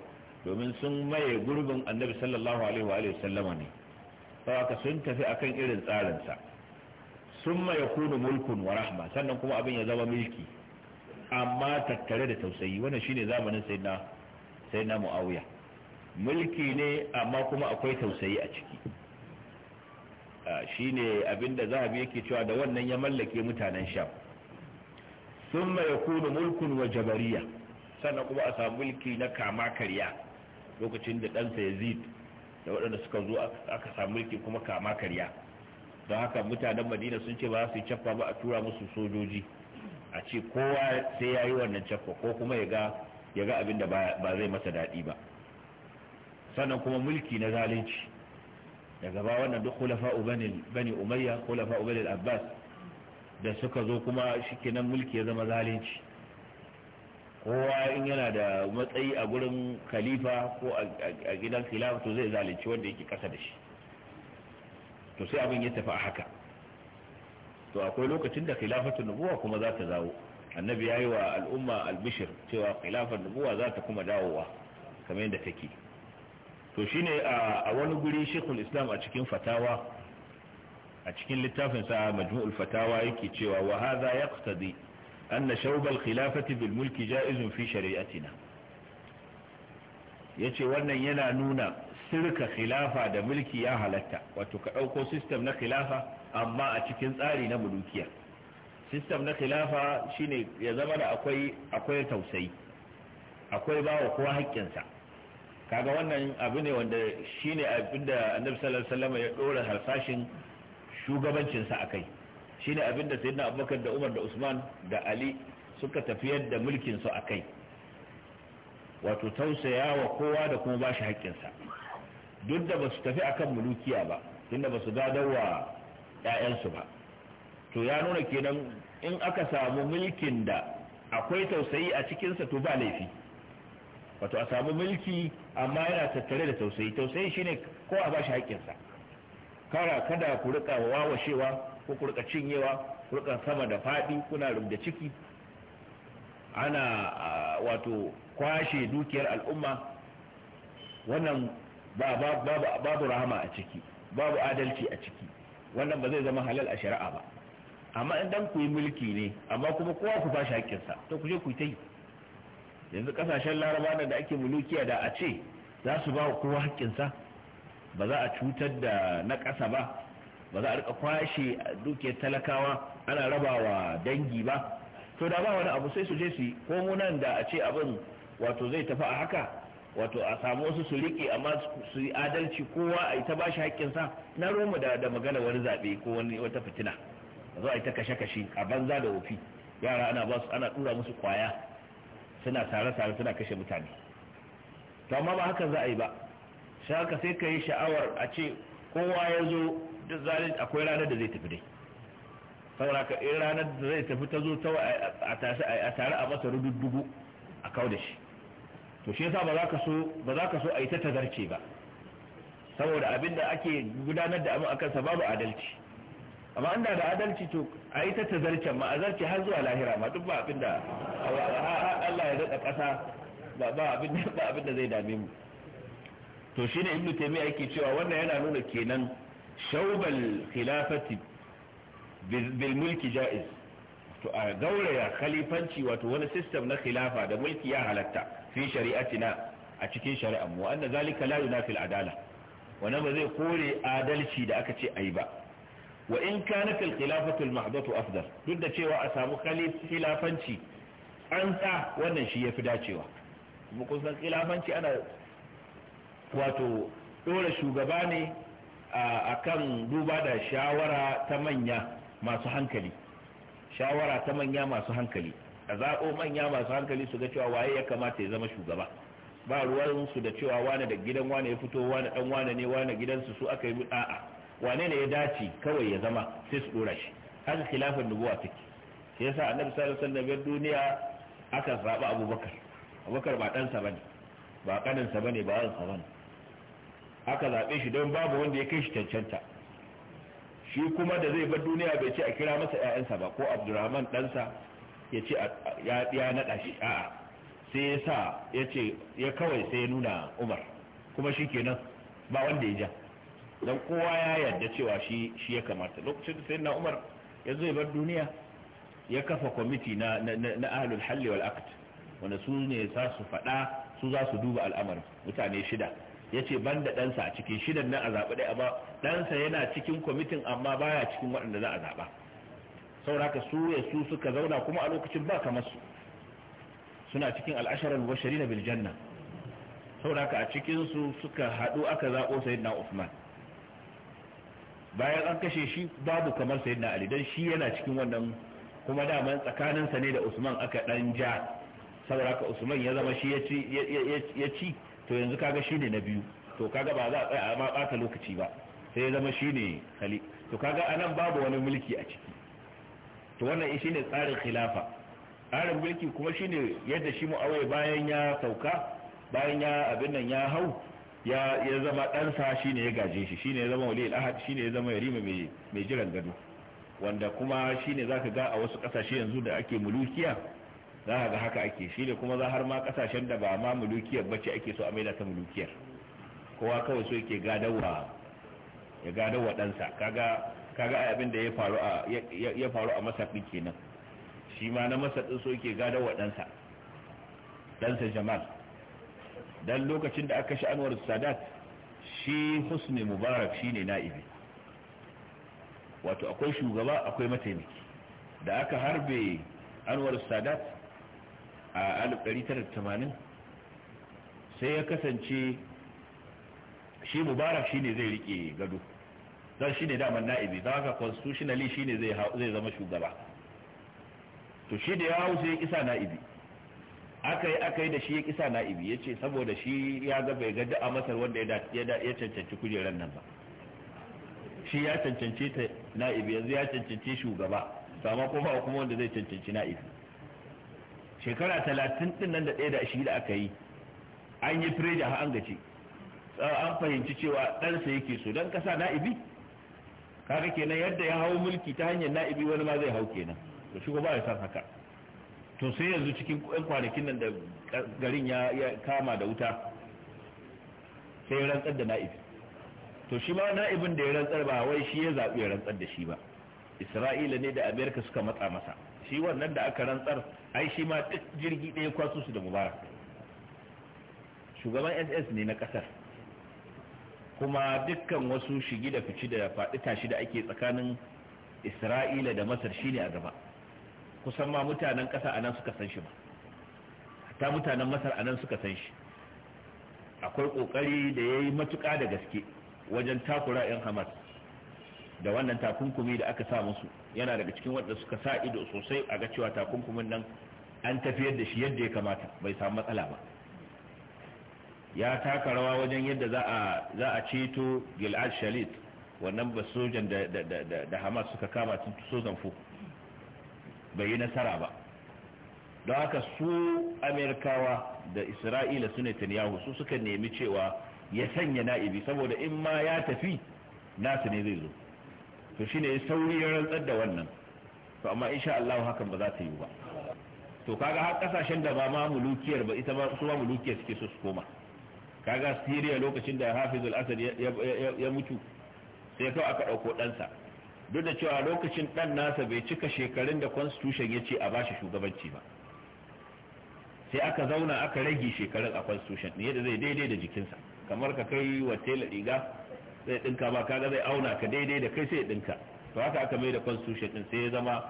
Speaker 1: domin sun maye gurbin annabi sallallahu alaihi wa sallama ne saboda sun tafi akan irin tsarinsa sun ya kunu mulkun wa rahma sannan kuma abin ya zama mulki amma tattare da tausayi wannan shine zamanin sayyidina sayyidina muawiya mulki ne amma kuma akwai tausayi a ciki shine abinda zahabi yake cewa da wannan ya mallake mutanen sham ya kunu mulkun wa jabariya sannan kuma a samu mulki na kama karya lokacin da ɗansa yazid da waɗanda suka zo aka samu mulki kuma kama karya don haka mutanen madina sun ce ba za su yi caffa ba a tura musu sojoji a ce kowa sai ya yi wannan caffa ko kuma ya ga abin da ba zai masa daɗi ba sannan kuma mulki na zalunci daga ba wannan duk kulafa bani umayya kulafa ubanil abbas da suka zo kuma shikenan mulki ya zama zalunci kowa in yana da matsayi a gurin khalifa ko a gidan khilafa to zai zalunci wanda yake kasa da shi to sai abin ya tafi a haka to akwai lokacin da khilafatun nubuwa kuma za ta dawo annabi yi wa al'umma albishir cewa Khilafar nubuwa za ta kuma dawowa kamar yadda take to shine a wani guri shekul islam a cikin fatawa a cikin littafinsa majmu'ul fatawa yake cewa wa hadha yaqtadi أن شوب الخلافة بالملك جائز في شريعتنا yace wannan yana nuna sirka khilafa da mulki ya halatta wato ka ɗauko sistem na khilafa amma a cikin tsari na mulukiya sistem na khilafa shine ya zama da akwai akwai tausayi akwai bawa kowa haƙƙinsa kaga wannan abu ne wanda shine abin da annabi sallallahu alaihi wasallam ya dora harsashin shugabancinsa akai shine abinda sayyidina abubakar da umar da usman da ali suka tafiyar da mulkin su akai wato tausaya wa kowa da kuma ba shi haƙƙinsa duk da basu tafi akan mulukiya ba tunda ba su ƴaƴan 'ya'yansu ba to ya nuna kenan in aka samu mulkin da akwai tausayi a cikinsa to ba laifi wato a samu mulki amma yana tattare da tausayi tausayi shine ko a bashi haƙƙinsa kara kada ku riƙa wawashewa ko ku cinyewa kurkan sama da faɗi kuna rubda ciki ana wato kwashe dukiyar al'umma wannan babu rahama a ciki babu adalci a ciki wannan ba zai zama halal a shari'a ba amma idan ku yi mulki ne amma kuma kowa ku bashi haƙƙinsa to ku je ku ta yi yanzu kasashen laraba da ake mulukiya da a ce za su ba kowa haƙƙinsa ba za a cutar da na ƙasa ba ba za a rika kwashe dukiyar talakawa ana rabawa dangi ba to da ba wani abu sai su je su ko ko nan da a ce abin wato zai tafi a haka wato a samu wasu su riƙe amma su yi adalci kowa a yi ta bashi haƙƙinsa na roma da da magana wani zaɓe ko wani wata fitina zo a yi ta kashe-kashe a banza da wofi yara ana ba su ana ɗura musu kwaya suna sare-sare suna kashe mutane to amma ba haka za a yi ba shi haka sai ka yi sha'awar a ce kowa ya zo duk zalunci akwai ranar da zai tafi dai saboda ka in ranar da zai tafi ta zo ta a tare a masa rududdugu a kawo da shi to shi yasa ba za ka so ba za ka so a yi ta tazarce ba saboda abin da ake gudanar da abin akan sa babu adalci amma an da da adalci to a yi ta tazarcen ma a zarce har zuwa lahira ma duk ba abin da Allah ya daɗa ƙasa ba abin da zai dame mu to shine ibn taymiya yake cewa wannan yana nuna kenan shaubal khilafati bil mulki jaiz to a gauraya khalifanci wato wani system na khilafa da mulki ya halatta fi shari'atina a cikin shari'ar mu anna zalika la yunafil adala wannan ba zai kore adalci da aka ce ayi ba wa in kanat fil khilafatu mahdatu afdal duk da cewa a samu khilafanci an sa wannan shi yafi dacewa Mu kun san khilafanci ana wato dora shugaba ne a kan duba da shawara ta manya masu hankali shawara ta manya masu hankali a zaɓo manya masu hankali su ga cewa waye ya kamata ya zama shugaba ba ruwansu da cewa wane da gidan wane ya fito wane dan wane ne wane gidansu su aka yi a'a wane ne ya dace kawai ya zama sai su dora shi haka khilafin nubuwa take sai yasa annabi sallallahu alaihi wasallam duniya aka zaba abubakar abubakar ba dan sa bane ba kanin sa bane ba sa bane aka zaɓe shi don babu wanda ya kai shi cancanta shi kuma da zai bar duniya bai ce a kira masa ‘ya'yansa ba ko abdurrahman ɗansa ya ce ya naɗa shi a'a sai ya sa ya ce ya kawai sai ya nuna umar kuma shi kenan ba wanda ya ja don kowa ya yarda cewa shi ya kamata lokacin da sai na umar ya zai bar duniya ya kafa kwamiti na ahlul halli wal akt wanda su ne za su faɗa su za su duba al'amarin mutane shida yace da ɗansa a cikin shidan nan a zaɓi ɗaya amma ɗansa yana cikin kwamitin amma baya cikin waɗanda za a zaɓa sauraka su ya su suka zauna kuma a lokacin ba kamar su suna cikin al'asharar washari na biljanna sauraka a cikin su suka haɗu aka zaɓo sayyidina Usman bayan an kashe shi babu kamar sayyidina Ali dan shi yana cikin wannan kuma daman tsakaninsa ne da Usman aka ɗan ja sauraka Usman ya zama shi ya ci to yanzu kaga shine na biyu to kaga ba za a tsaya ma bata lokaci ba sai ya zama shine khali to kaga anan babu wani mulki a ciki to wannan shi ne tsarin khilafa tsarin mulki kuma shine yadda shi mu'awai bayan ya sauka bayan ya abin nan ya hau ya ya zama ɗansa shine ya gaje shi shine ya zama Al ahad shine ya zama yarima mai jiran gado wanda kuma shine zaka ga a wasu kasashe yanzu da ake mulukiya za ga haka ake shi ne kuma za har ma kasashen da ba ma mulukiyar bace ake so a maida ta mulukiyar kowa kawai so yake gadawa ya gadawa ɗansa kaga kaga abin da ya faru a ya faru masar kenan shi ma na masar ɗin so yake gadawa ɗansa ɗansa jamal dan lokacin da aka shi anwar sadat shi husni mubarak shi ne na'ibi wato akwai shugaba akwai mataimaki da aka harbe anwar sadat a 1980 sai ya kasance shi mubarak shine zai rike gado don shine daman na'ibi don haka constitutionally shine zai zama shugaba to shi da ya hau sai ya kisa na'ibi aka yi aka yi da shi ya kisa na'ibi ya ce saboda shi ya ga bai ga a masar wanda ya cancanci kujerar nan ba shi ya cancanci ta na'ibi yanzu ya cancanci shugaba sama kuma kuma wanda zai cancanci na'ibi shekara talatin din nan da ɗaya da shi da aka yi an yi fireja har an gaci an fahimci cewa ɗansa yake so don kasa na'ibi kaga kenan yadda ya hau mulki ta hanyar na'ibi wani ma zai hau kenan to shi ba ya san haka to sai yanzu cikin ɗan kwanakin nan da garin ya kama da wuta sai ya rantsar da na'ibi to shi ma na'ibin da ya rantsar ba wai shi ya zaɓi ya rantsar da shi ba isra'ila ne da amerika suka matsa masa shi wannan da aka rantsar ai shi ma duk jirgi ɗaya kwaso su da mubarak shugaban ss ne na ƙasar kuma dukkan wasu shigi da fici da faɗi tashi da ake tsakanin isra'ila da masar shine a gaba kusan ma mutanen ƙasa a nan suka san shi ba ta mutanen masar a nan suka san shi akwai ƙoƙari da ya yi matuƙa da gaske wajen takura 'yan hamas da wannan takunkumi da aka sa musu yana daga cikin wanda suka sa ido sosai a ga cewa takunkumin nan an tafiyar da shi yadda ya kamata bai samu matsala ba ya taka rawa wajen yadda za a za a ceto Gilad Shalit wannan ba sojan da da Hamas suka kama tun sojan fu bai yi nasara ba don haka su Amerikawa da Isra'ila su Netanyahu su suka nemi cewa ya sanya na'ibi saboda in ma ya tafi nasu ne zai zo to shine ya sauri ya rantsar da wannan to amma insha Allah hakan ba za ta yi ba to kaga har kasashen da ba ma mulukiyar ba ita ba su ba mulukiyar suke so su koma kaga Syria lokacin da Hafiz al asad ya mutu sai kawai aka dauko ɗansa duk da cewa lokacin ɗan nasa bai cika shekarun da constitution ya ce a bashi shugabanci ba sai aka zauna aka rage shekarun a constitution ne da zai daidai da jikinsa kamar ka kai wa tela riga zai dinka ba kaga zai auna ka daidai da kai sai ya dinka to haka aka mai da constitution din sai ya zama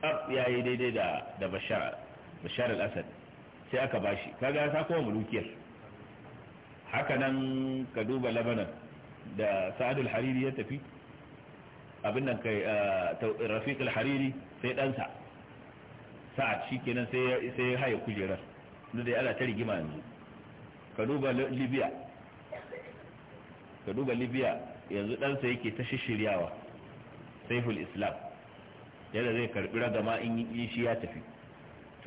Speaker 1: tsaf yayi daidai da da bashar bashar al-asad sai aka bashi kaga ya sako mulkiyar haka nan ka duba labanan da sa'adul hariri ya tafi abin nan kai eh, rafiq al-hariri sai ɗansa sa'ad shikenan sai sai ya haye kujerar da dai ala ta rigima yanzu ka duba libya ka duba libya yanzu ɗansa yake ta shishiryawa saiful islam yadda zai karbi ragama in yi shi ya tafi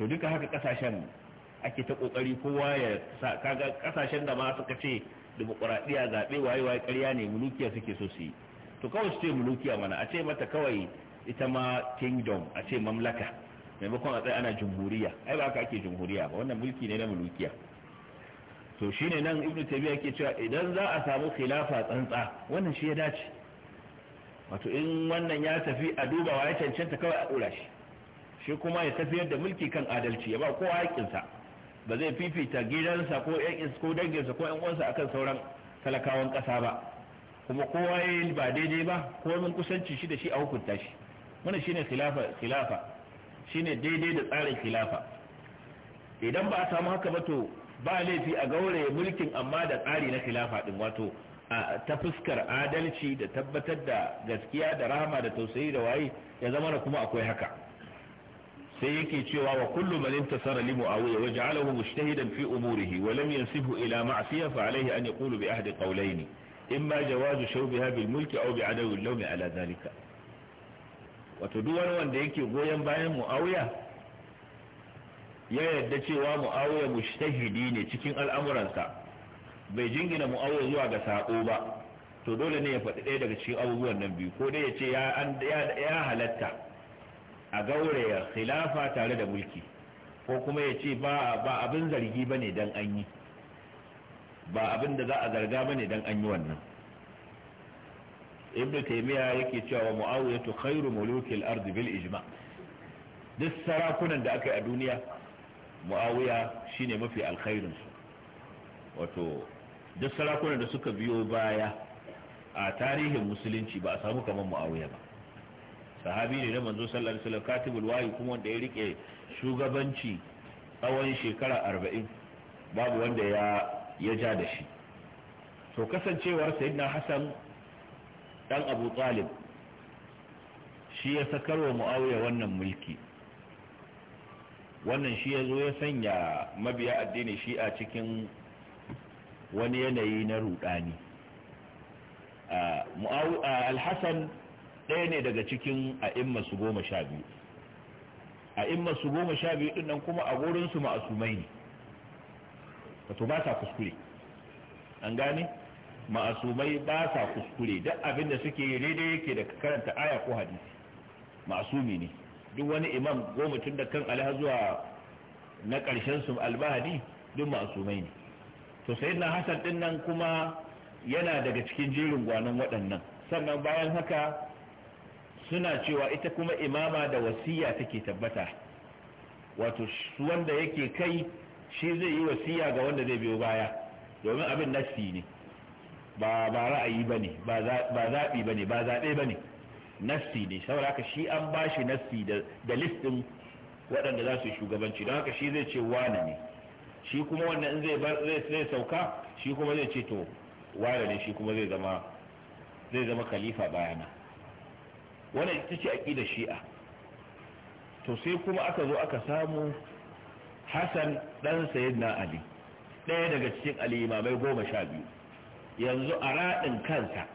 Speaker 1: to duka haka kasashen ake ta kokari kowa ya sa kaga kasashen da ma suka ce dimokuraɗiyya zaɓe waye waye ƙarya ne mulukiya suke so su yi to kawai su ce mulukiya mana a ce mata kawai ita ma kingdom a ce mamlaka maimakon a tsaye ana jumhuriya ai ba haka ake jumhuriya ba wannan mulki ne na mulukiya to shine nan ibn tabi yake cewa idan za a samu khilafa tsantsa wannan shi ya dace wato in wannan ya tafi a dubawa ya cancanta kawai a dora shi shi kuma ya tafiyar da mulki kan adalci ya ba kowa haƙƙinsa ba zai fifita gidansa ko ƴan ko danginsa ko yan uwansa akan sauran talakawan ƙasa ba kuma kowa ya ba daidai ba ko mun kusanci shi da shi a hukunta shi wannan shine khilafa khilafa shine daidai da tsarin khilafa idan ba a samu haka ba to ba laifi a gauraye mulkin amma da tsari na khilafa din wato ta fuskar adalci da tabbatar da gaskiya da rahama da tausayi da waye ya zama na kuma akwai haka sai yake cewa wa kullu man intasara li muawiya wa ja'alahu mujtahidan fi umurihi wa lam yansibu ila ma'siyah fa alayhi an yaqulu bi ahdi qawlayn imma jawaz shawbiha bil mulki aw bi adawi al-lawm ala dhalika wato duk wani wanda yake goyon bayan muawiya ya yarda cewa mu'awiya mushtahidi ne cikin al'amuransa bai jingina mu'awiya zuwa ga sako ba to dole ne ya faɗi ɗaya daga cikin abubuwan nan biyu ko dai ya ce ya halatta a gauraya khilafa tare da mulki ko kuma ya ce ba abin zargi ba ne don an yi ba abin da za a zarga ba ne don an yi wannan ibn taimiyya yake cewa to khairu mulukil ardi bil ijma duk sarakunan da aka yi a duniya muawiya shine mafi alkhairin su wato duk sarakunan da suka biyo baya a tarihin musulunci ba a samu kamar muawiya ba sahabi ne na manzo sallallahu alaihi wasallam katibul wahyi kuma wanda ya rike shugabanci tsawon shekara arba'in babu wanda ya ya ja da shi to kasancewar sayyidina hasan dan abu talib shi ya sakarwa muawiya wannan mulki wannan shi ya zo ya sanya mabiya addini a cikin wani yanayi na rudani alhassan ɗaya ne daga cikin a'imma su goma sha biyu a'imma su goma sha biyu ɗin nan kuma a gurinsu ma'asumai ne wato ba sa kuskure an gane ma'asumai ba sa kuskure duk abinda suke yi daidai yake da karanta aya ko hadisi ma'asumi ne duk wani imam goma tun da kan alha zuwa na ƙarshen su albahadi duk mai ne to na hasan din nan kuma yana daga cikin jerin gwanon waɗannan sannan bayan haka suna cewa ita kuma imama da wasiya take tabbata wato su wanda yake kai shi zai yi wasiya ga wanda zai biyo baya domin abin nasi ne ba ba ra'ayi bane ba zaɓi bane ba zaɓe bane nassi ne saboda haka shi an ba shi nassi da listin waɗanda za su shugabanci don haka shi zai ce wane ne shi kuma wannan in zai sauka shi kuma zai ce to wane ne shi kuma zai zama khalifa bayana wannan ita ce da shi'a to sai kuma aka zo aka samu Hassan dan na Ali ɗaya daga cikin al'imamai goma sha biyu yanzu a raɗin kansa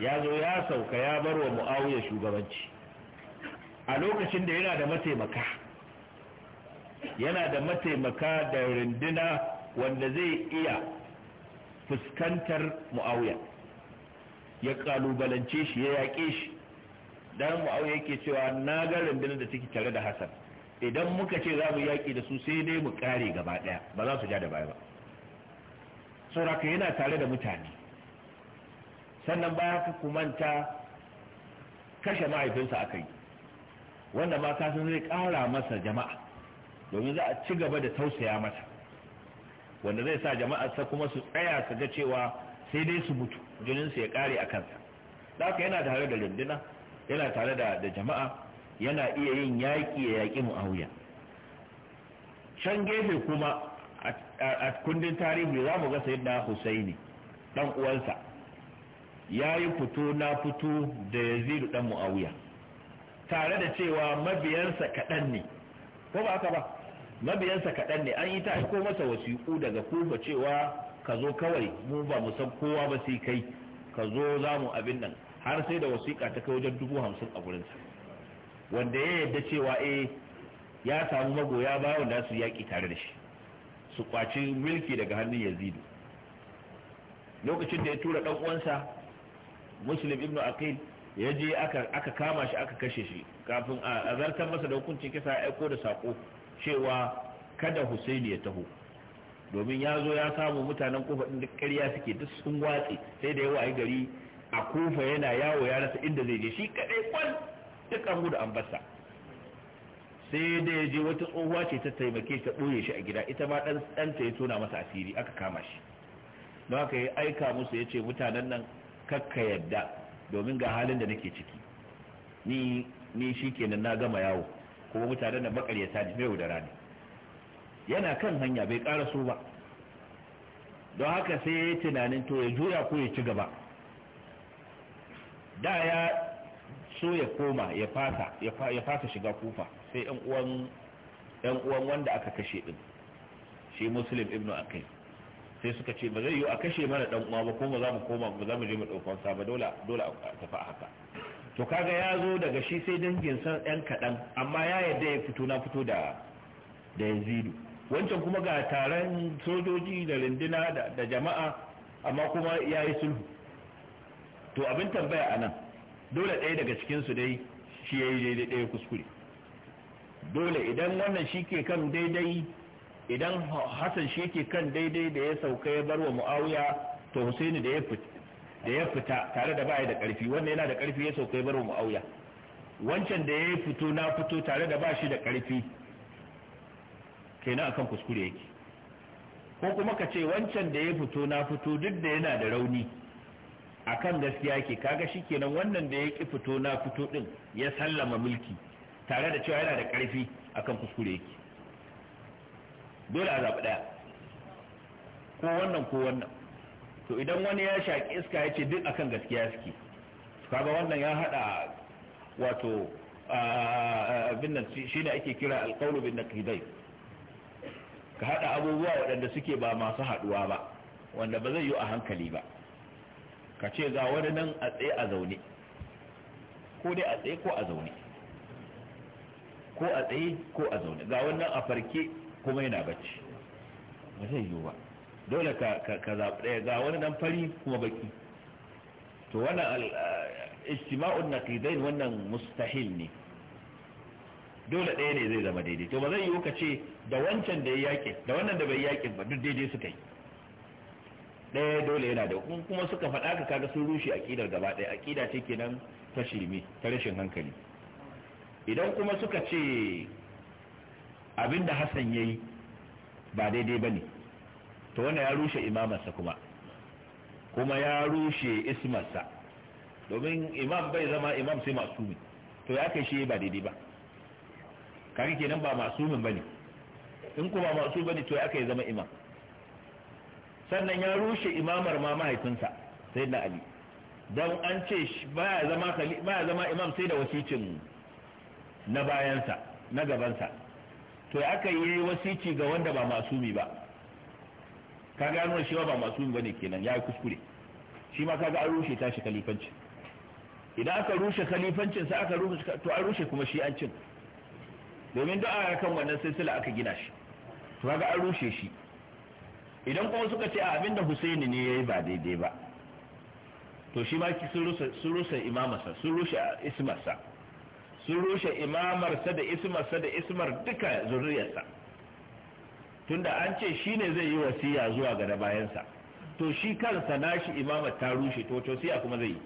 Speaker 1: ya zo ya sauka ya bar wa mu'awiyar shugabanci a lokacin da yana da mataimaka yana da mataimaka da rinduna wanda zai iya fuskantar mu'awiyar ya kalubalance shi ya yaƙe shi dan mu'awiyar yake cewa na ga rundunar da take tare da Hassan idan muka ce za mu yaƙi da su sai dai mu kare gaba ɗaya ba za su ja da baya ba sauraka yana tare da mutane sannan baya ka kumanta kashe mahaifinsa aka yi wanda mata sun zai kara masa jama'a domin za a ci gaba da tausaya mata. wanda zai sa jama'arsa kuma su tsaya su ga cewa sai dai su mutu jininsu ya kare a kansa haka yana tare da runduna yana tare da jama'a yana iya yin yaƙi ya yaƙi mu'awiya can gefe kuma a kundin tarihi za mu ga sayyidina husaini dan uwansa ya yi fito na fito da yazidu dan mu'awiya tare da cewa mabiyansa kaɗan ne ko ba haka ba mabiyansa kaɗan ne an yi ta aiko masa wasiƙu daga kufa cewa ka zo kawai mu ba mu san kowa ba sai kai ka zo za mu abin nan har sai da wasiƙa ta kai wajen dubu hamsin a sa. wanda ya yadda cewa eh ya samu magoya ba wanda su yaƙi tare da shi su kwaci milki daga hannun yazidu lokacin da ya tura ɗan uwansa muslim ibnu aqil ya je aka kama shi aka kashe shi kafin a zartar masa da hukuncin kisa ya aiko da sako cewa kada husaini ya taho domin ya zo ya samu mutanen kofa ɗin duk ƙarya suke duk sun watse sai da yawa a gari a kofa yana yawo ya rasa inda zai je shi kadai kwan duk an gudu an basa sai da ya je wata tsohuwa ce ta taimake ta ɓoye shi a gida ita ma dan ɗanta ya tona masa asiri aka kama shi don haka ya aika musu ya ce mutanen nan kakka yadda domin ga halin da nake ciki ni ni shikenan na gama yawo kuma mutanen da makaryata ne yau da rani yana kan hanya bai ƙara so ba don haka sai ya yi tunanin to ya juya ko ya ci gaba da ya so ya koma ya fasa ya fasa shiga kufa sai yan uwan wanda aka kashe din shi muslim ibnu aqil sai suka ce ba zai yi a kashe mana dan uwa ba ko ba za mu koma ba za mu je mu daukan sa ba dole dole a tafi haka to kaga ya zo daga shi sai dangin san ɗan kaɗan amma ya yadda ya fito na fito da da yanzidu wancan kuma ga taron sojoji da rindina da jama'a amma kuma ya yi sulhu to abin tambaya a nan dole ɗaya daga cikinsu dai shi ya yi daidai ɗaya kuskure dole idan wannan shi ke kan daidai idan Hassan shi ke kan daidai da ya sauka ya bar wa Muawiya to Husaini da ya fita da ya fita tare da bai da karfi wannan yana da karfi ya sauka ya bar wa Muawiya wancan da ya fito na fito tare da bashi da karfi kenan akan kuskure yake ko kuma ka ce wancan da ya fito na fito duk da yana da rauni akan gaskiya ke kaga kenan wannan da ya ki fito na fito din ya sallama mulki tare da cewa yana da karfi akan kuskure yake dole a zaɓi ɗaya ko wannan ko wannan to idan wani ya shaƙi iska ya ce duk akan gaskiya suke kaga wannan ya haɗa wato shi ne ake kira alƙawlu bin naqidai ka haɗa abubuwa waɗanda suke ba masu haɗuwa ba wanda ba zai yi a hankali ba ka ce ga wani nan a tsaye a zaune ko dai a tsaye ko a zaune ko a tsaye ko a zaune ga wannan a farke kuma yana bacci ba zai yiwu ba dole ka zaɓi ɗaya ga wani dan fari kuma baki to wannan na naqidain wannan mustahil ne dole ɗaya ne zai zama daidai to ba zai yiwu ka ce da wancan da ya yaƙi da wannan da bai yaƙi ba duk daidai suka yi ɗaya dole yana da kuma suka faɗa ka kaga sun rushe aƙidar gaba ɗaya aƙida ce kenan ta shirme ta rashin hankali idan kuma suka ce Abin da hassan ya yi ba daidai ba ne to wanda ya rushe imamarsa kuma kuma ya rushe ismarsa domin imam bai zama imam sai masumi to ya kai shi ba daidai ba kari kenan ba masumin ba ne in kuma masu ba ne to ya kai zama imam sannan ya rushe imamar ma mahaifinsa sai na ali don an ce baya zama imam sai da wasicin na bayansa na gabansa to ya aka yi wasici ga wanda ba masumi ba ka gano shi ba masumi ne kenan ya yi kuskure shi ma kaga an rushe tashi kalifanci. idan aka rushe kalifancin sa aka rushe to an rushe kuma shi an cin domin duk a kan wannan silsila aka gina shi to kaga an rushe shi idan kuma suka ce a abinda Husaini ne yayi ba daidai ba to shi ma sun rusa sun rusa imamarsa sun rushe ismarsa sun rushe imamarsa da ismarsa da ismar duka zuriyarsa. tunda an ce shi ne zai yi wasiya zuwa ga da bayansa to shi kansa nashi imamar ta rushe to wasiya kuma zai yi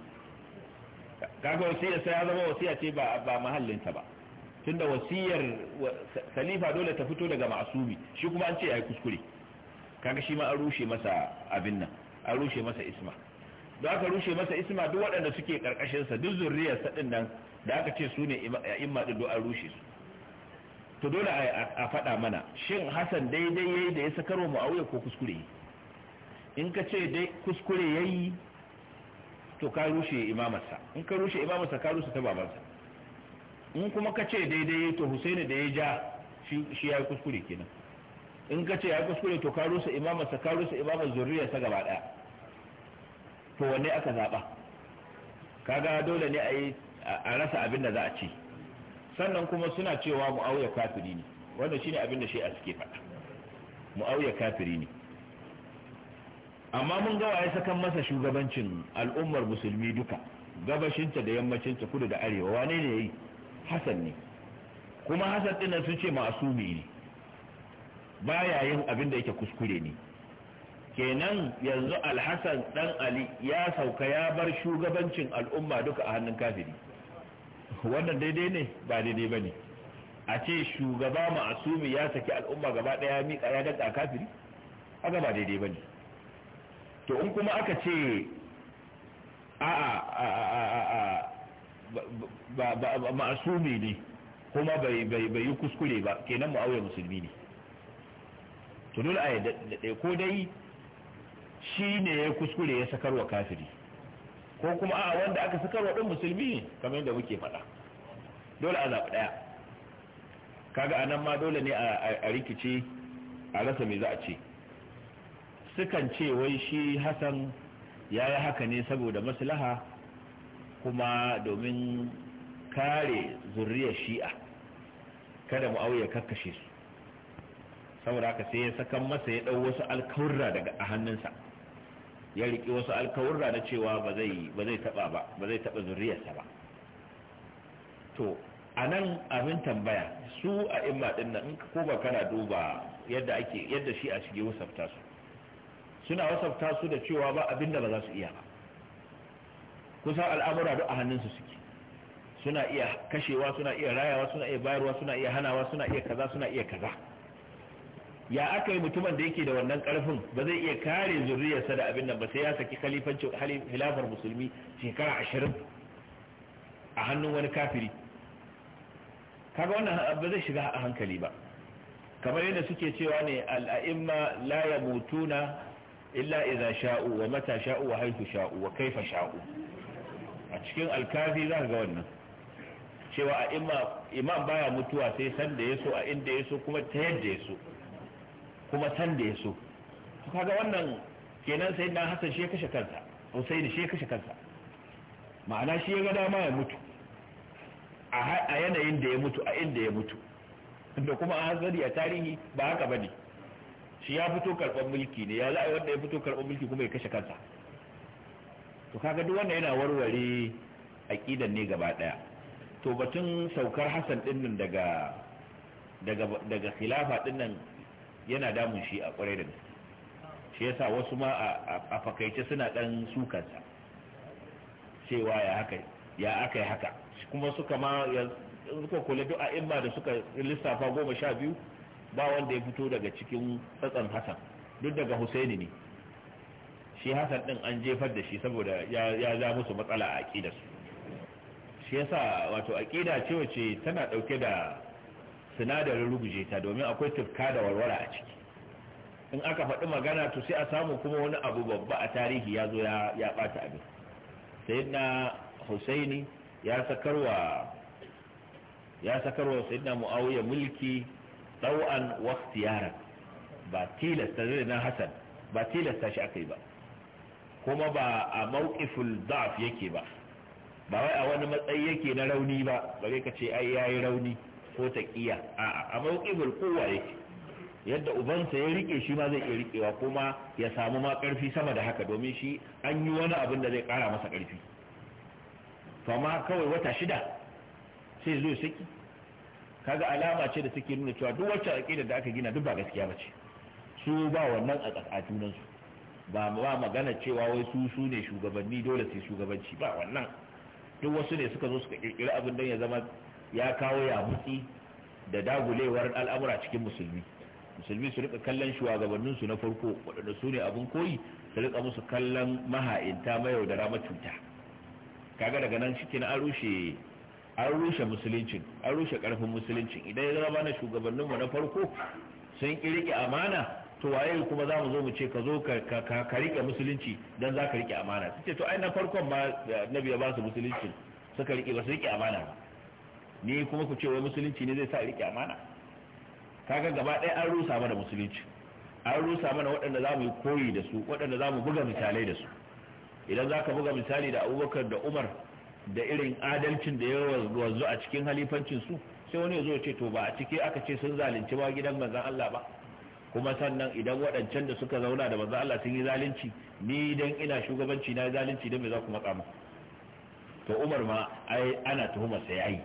Speaker 1: kaga wasiya sai ya zama wasiya ce ba ba mahallinta ba tunda wasiyar khalifa dole ta fito daga masumi, shi kuma an ce yi kuskure kaga shi ma an rushe masa abin nan an rushe masa isma da aka rushe masa isma duk waɗanda suke karkashin sa duk zuriyarsa sa din nan da aka ce su ne a a'imma din an rushe su to dole a faɗa mana shin Hassan daidai yayi da ya sakarwa muawiya ko kuskure in ka ce dai kuskure yayi to ka rushe imamarsa in ka rushe imamarsa ka rushe ta babansa in kuma ka ce daidai to husaini da ya ja shi ya yi kuskure kenan in ka ce ya yi kuskure to ka rushe imamarsa ka rushe imamar zurriyarsa gaba ɗaya to wanne aka zaɓa kaga dole ne a yi a rasa abin da za a ce sannan kuma suna cewa muauya kafiri ne wanda shi ne abin da shi a suke faɗa muauya kafiri ne amma mun ga ya sakan masa shugabancin al'ummar musulmi duka gabashinta da yammacinta kudu da arewa wane ne ya yi hasan ne kuma hasan din sun ce masumi ne ya yin abin da yake kuskure ne kenan yanzu alhassan ɗan ali ya sauka ya bar shugabancin al'umma duka a hannun kafiri wannan daidai ne ba daidai ba ne a ce shugaba ma'asumi ya saki al'umma gaba daya miƙa ya daga kafiri haka ba daidai ba ne to in kuma aka ce a a ma'asumi ne kuma bai yi kuskure ba kenan ma'auya musulmi ne tunul a a yadda ko dai shi ne ya kuskure ya sakarwa kafiri ko kuma a wanda aka wa ɗin musulmi kamar yadda muke faɗa dole a zaɓi ɗaya kaga a nan ma dole ne a rikice a rasa me za a ce sukan ce wai shi hassan ya yi haka ne saboda maslaha kuma domin kare zurriyar shi'a kada mu mu'auya kakkashe su saboda haka sai ya sakan masa ya ɗau wasu alkawurra daga a hannunsa ya riƙe wasu alkawurra na cewa ba zai taɓa ba ba zai taɓa zuriyarsa ba to nan abin tambaya su a imma ɗin nan ko ba kana duba yadda ake yadda shi a shige wasafta su suna wasafta su da cewa ba abin da ba za su iya ba kusa al'amura duk a hannunsu suke suna iya kashewa suna iya rayawa suna iya bayarwa suna iya hanawa suna iya kaza suna iya kaza ya aka yi mutumin da yake da wannan karfin ba zai iya kare zuriyarsa da abin nan ba sai ya saki khalifancin khilafar musulmi shekara ashirin a hannun wani kafiri kaga wannan ba zai shiga a hankali ba kamar yadda suke cewa ne al'a'imma la yamutuna illa idza sha'u wa mata sha'u wa haihu sha'u wa kaifa sha'u a cikin alkafi za ga wannan cewa a'imma imam baya mutuwa sai sanda yaso a inda yaso kuma ta yadda yaso kuma can da ya so to kaga wannan kenan sai na hasan shi ya kashe kansa Hussein shi ya kashe kansa ma'ana shi ya ga dama ya mutu a yanayin da ya mutu a inda ya mutu inda kuma a hanzari a tarihi ba haka bane shi ya fito karɓar mulki ne ya za a wanda ya fito karɓar mulki kuma ya kashe kansa to kaga duk wannan yana warware aqidan ne gaba daya to batun saukar Hassan din nan daga daga daga khilafa din nan yana damun shi a kwarai da gaske shi yasa wasu ma a fakaice suna dan sukansa cewa ya haka ya aka yi haka kuma suka ma suka kula duk a imma da suka lissafa goma sha biyu ba wanda ya fito daga cikin tsatsan hasan duk daga husaini ne shi hasan din an jefar da shi saboda ya ja musu matsala a aƙidarsu shi yasa wato aƙida ce tana ɗauke da sinadarin ruguje ta domin akwai tufka da warwara a ciki in aka faɗi magana to sai a samu kuma wani abu babba a tarihi ya zo ya ɓata abin sai na husaini ya sakarwa ya sakarwa sai na mu'awiyar mulki ɗau'an waktiyaran ba tilasta zai na Hassan. ba tilasta shi aka yi ba kuma ba a mawqiful za'af yake ba ba wai a wani matsayi yake na rauni ba bare ka ce ai yayi rauni ko a'a a mawqiful quwwa yake yadda ubansa ya rike shi ma zai iya rikewa kuma ya samu ma karfi sama da haka domin shi an yi wani abin da zai kara masa karfi to ma kawai wata shida sai zo saki kaga alama ce da take nuna cewa duk wacce aqida da aka gina duk ba gaskiya bace su ba wannan a tsakatunan su ba ma magana cewa wai su su ne shugabanni dole sai shugabanci ba wannan duk wasu ne suka zo suka kirkiri abin don ya zama ya kawo ya mutsi da dagulewar al'amura cikin musulmi musulmi su rika kallon shugabannin su na farko waɗanda su ne abin koyi su rika musu kallon maha'inta mayaudara matuta kaga daga nan cikin an rushe an rushe musuluncin an rushe karfin musuluncin idan ya zama na shugabanninmu na farko sun kirki amana to waye kuma za mu zo mu ce ka zo ka rike musulunci don za ka rike amana su ce to ai na farkon ma eh, nabi ya ba su musulunci suka rike ba su rike amana ba ni kuma ku ce wai musulunci ne zai sa rike amana kaga gaba ɗaya an rusa mana musulunci an rusa mana waɗanda za mu yi koyi da su waɗanda za mu buga misalai da su idan za ka buga misali da abubakar da umar da irin adalcin da ya wanzu a cikin halifancin su sai wani ya zo ce to ba a ciki aka ce sun zalunci ba gidan manzan Allah ba kuma sannan idan waɗancan da suka zauna da maza Allah sun yi zalunci ni dan ina shugabanci na zalunci dan me za ku matsa mu to Umar ma ai ana tuhumar sa yayi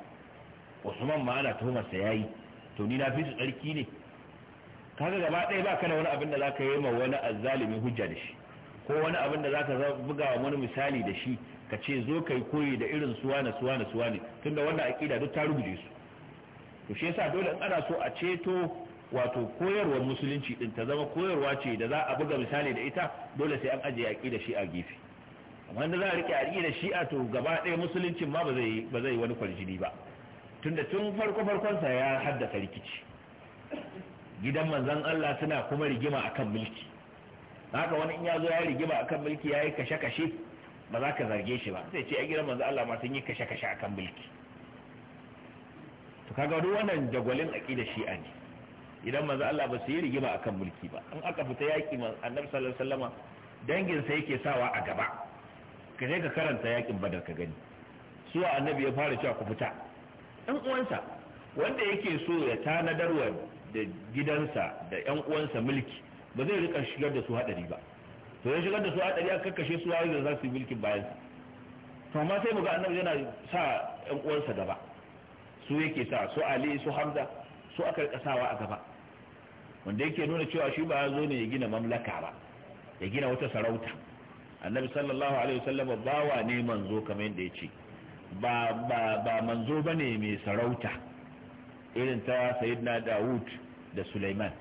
Speaker 1: Usman ma ana tuhumar sa yayi to ni na fi su tsarki ne kaga gaba ɗaya ba da wani abin da zaka yi ma wani azzalimi hujja da shi ko wani abin da zaka buga wa wani misali da shi ka ce zo kai koyi da irin suwa na suwa na suwa ne tunda wannan aqida duk ta rubuce su to shi yasa dole in ana so a ceto wato koyarwar musulunci din ta zama koyarwa ce da za a buga misali da ita dole sai an ajiye da shi a gefe amma da za a rike da shi a to gaba ɗaya musuluncin ma ba zai ba wani kwaljini ba tunda tun farko farkon sa ya haddasa rikici gidan manzon Allah suna kuma rigima akan mulki haka wani in ya zo ya rigima akan mulki yayi kashe kashe ba za ka zarge shi ba sai ce a gidan manzon Allah ma sun yi kashe kashe akan mulki to kaga duk wannan jagwalin aqida shi'a ne idan manzo Allah ba su yi rigima akan mulki ba an aka fita yaki man annabi sallallahu alaihi wasallama dangin sa yake sawa a gaba ka je ka karanta yakin badar ka gani su annabi ya fara cewa ku fita dan uwansa wanda yake so ya tanadarwa da gidansa da yan uwansa mulki ba zai rika shigar da su hadari ba to ya shigar da su hadari aka kakkashe su wayo da za su yi mulkin bayan sa to amma sai muga annabi yana sa yan uwansa gaba su yake sa su Ali su Hamza su aka rika sawa a gaba wanda yake nuna cewa shi ba ya zo ne ya gina mamlaka ba ya gina wata sarauta annabi sallallahu alaihi wasallam wa ne manzo kamar yadda ya ce ba ba ba manzo bane mai sarauta irin ta sayyidina Dawud da Suleiman.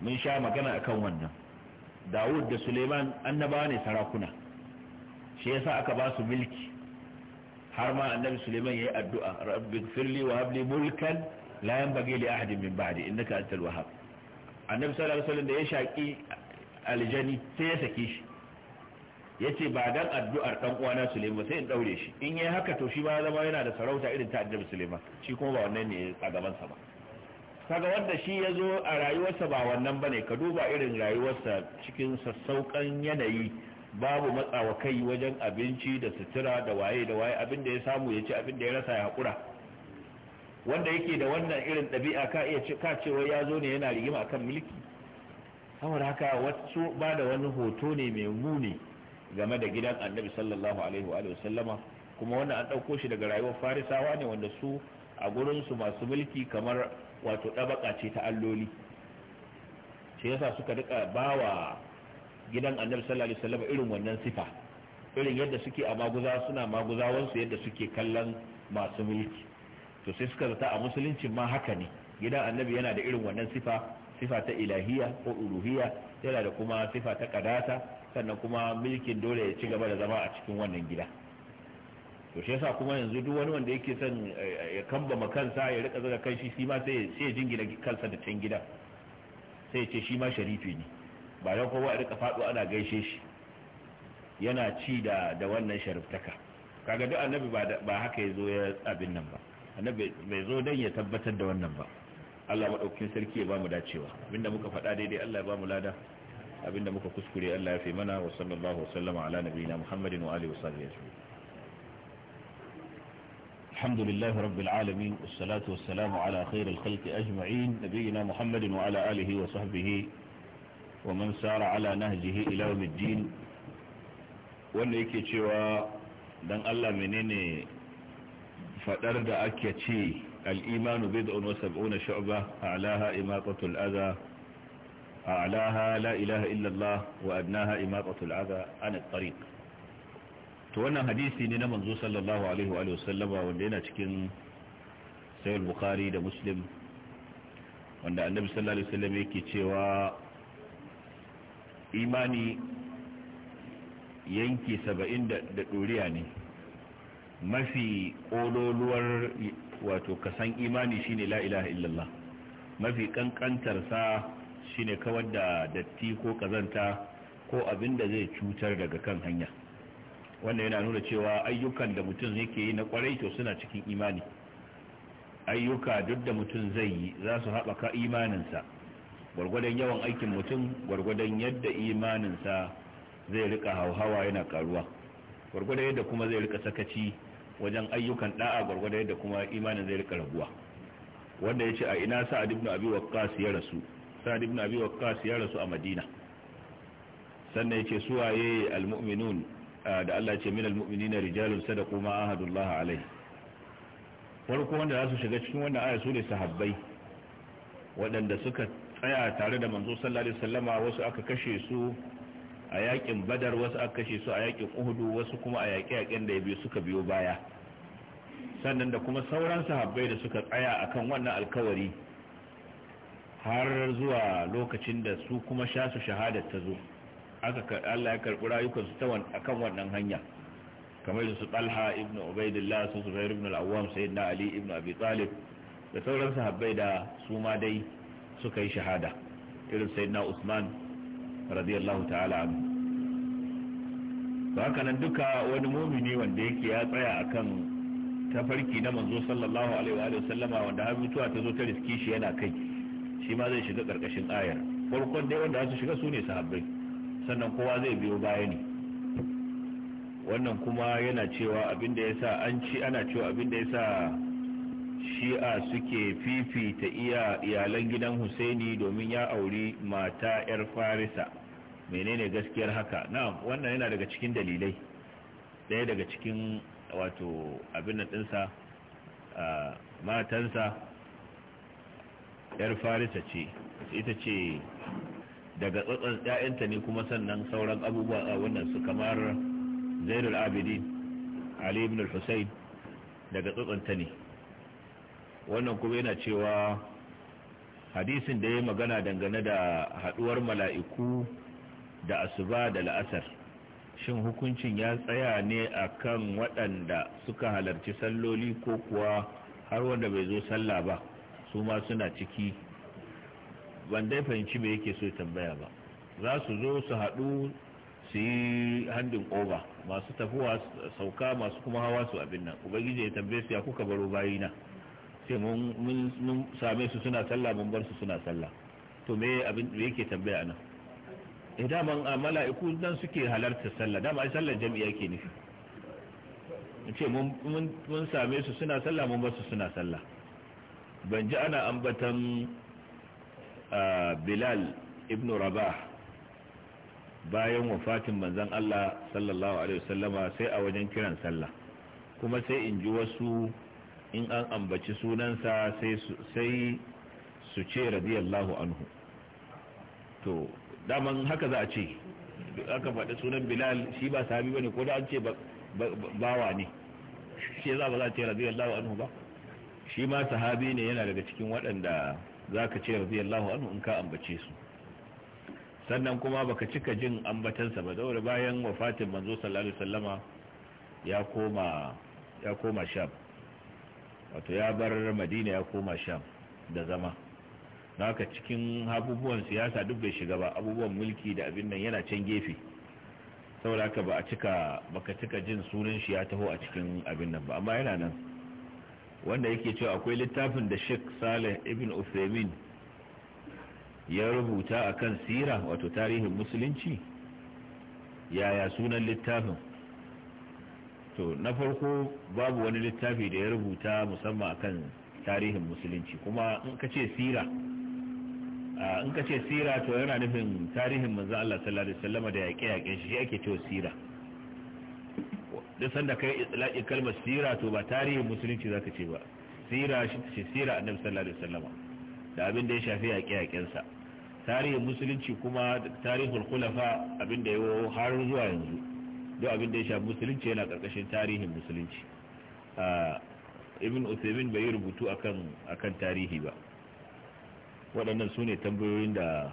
Speaker 1: mun sha magana akan wannan Da'ud da Sulaiman annaba ne sarakuna shi yasa aka ba su mulki har ma annabi Sulaiman yayi addu'a rabbighfirli wa habli mulkan layan yanbaghi li ahadin min ba'di innaka antal wahhab annabi sallallahu alaihi wasallam da ya shaki aljani sai ya saki shi yace ba dan addu'ar dan uwana Sulaiman sai in daure shi in yayi haka to shi ba zama yana da sarauta irin ta annabi Sulaiman shi kuma ba wannan ne a gaban sa ba kaga wanda shi ya zo a rayuwarsa ba wannan bane ka duba irin rayuwarsa cikin sassaukan yanayi babu matsawa kai wajen abinci da sutura da waye da waye abin da ya samu ya ci abin da ya rasa ya haƙura wanda yake da wannan irin ɗabi'a ka iya ka cewa ya zo ne yana rigima akan mulki saboda haka wasu ba da wani hoto ne mai muni game da gidan annabi sallallahu alaihi wa sallama kuma wannan an ɗauko shi daga rayuwar farisawa ne wanda su a gurinsu masu mulki kamar wato ɗabaka ce ta alloli shi yasa suka duka bawa gidan annabi sallallahu alaihi irin wannan sifa irin yadda suke a maguza suna maguzawansu yadda suke kallon masu mulki to sai suka zata a musuluncin ma haka ne gidan annabi yana da irin wannan sifa sifa ta ilahiya ko uluhiya yana da kuma sifa ta kadata sannan kuma mulkin dole ya ci gaba da zama a cikin wannan gida to shi yasa kuma yanzu duk wani wanda yake son eh, ya kambama kansa ya rika zaga kanshi shi shi ma sai ya jingina kansa da can gida sai ya ce shi ma sharifi ne ba dan kowa ya rika faɗo ana gaishe shi yana ci da da wannan sharaftaka kaga duk annabi ba haka ya zo ya abin nan ba annabi bai zo dan ya tabbatar da wannan ba Allah madaukakin sarki ya bamu dacewa abinda muka faɗa daidai Allah ya bamu lada abinda muka kuskure Allah ya fi mana wa sallallahu wa sallama ala nabiyina Muhammadin wa alihi wa sahbihi ajma'in الحمد لله رب العالمين ala والسلام على ajma'in الخلق muhammadin wa ala وعلى آله وصحبه wa سار على نهجه إلى يوم الدين wanda yake cewa dan Allah menene fadar da ake ce al'imanu bai da'un wasu abu'una sha'uba a alaha imaqatul aza a alaha la ilaha illallah wa adnaha imaqatul aza ana tariq to wannan hadisi ne na manzo sallallahu alaihi wa sallama wanda yana cikin sayar bukari da muslim wanda annabi sallallahu alaihi wasallam yake cewa imani yanki saba'in da ɗuriya ne mafi ƙololuwar wato kasan imani shine la ilaha illallah mafi kankantarsa shine kawar da datti ko kazanta ko abin da zai cutar daga kan hanya wannan yana nuna cewa ayyukan da mutum yake yi na kwarai to suna cikin imani ayyuka duk da mutum zai yi za su haɓaka imaninsa gwargwadon yawan aikin mutum gwargwadon yadda imaninsa zai rika hauhawa yana karuwa gwargwadon yadda kuma zai rika sakaci wajen ayyukan da'a gwargwado yadda kuma imanin zai rika raguwa wanda yace a ina sa'ad ibn abi waqqas ya rasu sa'ad ibn abi waqqas ya rasu a madina sannan yace suwaye almu'minun da Allah yace min almu'minina rijalun sadaqu ma ahadullah alaihi farko wanda za su shiga cikin wannan aya su ne sahabbai waɗanda suka tsaya tare da manzo sallallahu alaihi wasallama wasu aka kashe su a yakin badar wasu aka kashe su a yakin uhudu wasu kuma a yaƙe-yaƙen da ya biyu suka biyo baya sannan da kuma sauran sahabbai da suka tsaya akan wannan alkawari har zuwa lokacin da su kuma sha su shahada ta zo Allah ya karɓi rayukansu ta akan wannan hanya kamar su talha ibn ubaidillah su zubair ibn al-awwam sayyidina ali ibn abi talib da sauran sahabbai da su ma dai suka yi shahada irin sayyidina usman radiyallahu ta'ala anhu haka nan duka wani mumini wanda yake ya tsaya akan tafarki na manzo sallallahu alaihi wa sallama wanda har mutuwa ta zo ta riski shi yana kai shi ma zai shiga karkashin ayar farkon dai wanda su shiga su ne sahabbai sannan kowa zai biyo baya ne wannan kuma yana cewa abinda yasa an ci ana cewa abinda yasa shi'a suke fifita iya iyalan gidan husaini domin ya auri mata 'yar farisa menene gaskiyar haka na wannan yana daga cikin dalilai daya daga cikin wato abin da ɗinsa matansa 'yar farisa ce ita ce daga tsotson 'ya'yanta ne kuma sannan sauran abubuwa a wannan su kamar zainul abidin ali ibn al-husayn daga ta ne wannan kuma yana cewa hadisin da ya magana dangane da haduwar mala'iku da asuba da la'asar shin hukuncin ya tsaya ne a kan waɗanda suka halarci salloli ko kuwa har wanda bai zo sallah ba su ma suna ciki ban dai fahimci me yake so tambaya ba za su zo su haɗu su yi handin oba masu tafiwa sauka masu kuma hawa su abin nan ubangiji ya tambaye su ya kuka baro bayina sai mun same su suna sallah mun bar su suna sallah to me abin da yake tambaya nan eh daman ah, mala'iku dan suke halarta sallah dama ai sallar jami'a yake nufi ce mun same su suna sallah mun bar su suna sallah ban ji ana ambatan ah, bilal ibn rabah bayan wafatin manzon Allah sallallahu alaihi wasallama sai a wajen kiran sallah kuma sai in ji wasu in an ambaci sunansa sai su ce radiyallahu anhu to daman haka za a ce aka faɗi sunan bilal shi ba sahabi bane ko da an ce bawa ne shi za ba za a ce radiyallahu anhu ba shi ma sahabi ne yana daga cikin waɗanda za ka ce radiyallahu anhu in ka ambace su sannan kuma baka cika jin ambatansa ba daura bayan wafatin manzo sallallahu alaihi wasallama ya koma ya koma sham wato ya bar madina ya koma sham da zama na haka cikin abubuwan siyasa duk bai shiga ba abubuwan mulki da abin nan yana can gefe saboda haka ba a cika baka cika jin sunan shi ya taho a cikin abin nan ba amma yana nan wanda yake cewa akwai littafin da Sheikh Saleh Ibn Uthaymeen ya rubuta akan sira wato tarihin musulunci yaya sunan littafin to na farko babu wani littafi da ya rubuta musamman akan tarihin musulunci kuma in ka ce sira in ka ce sira to yana nufin tarihin manzo Allah sallallahu alaihi wasallam da yaƙe yake shi ake to sira duk sanda kai itlaqi kalmar sira to ba tarihin musulunci zaka ce ba sira shi ce sira annabi sallallahu alaihi wasallam da abin da ya shafi yaƙe yake sa tarihin musulunci kuma tarihul khulafa abin da yawo har zuwa yanzu duk abin da ya shafi musulunci yana karkashin tarihin musulunci ibn Uthaymeen bai rubutu akan akan tarihi ba waɗannan su ne tambayoyin da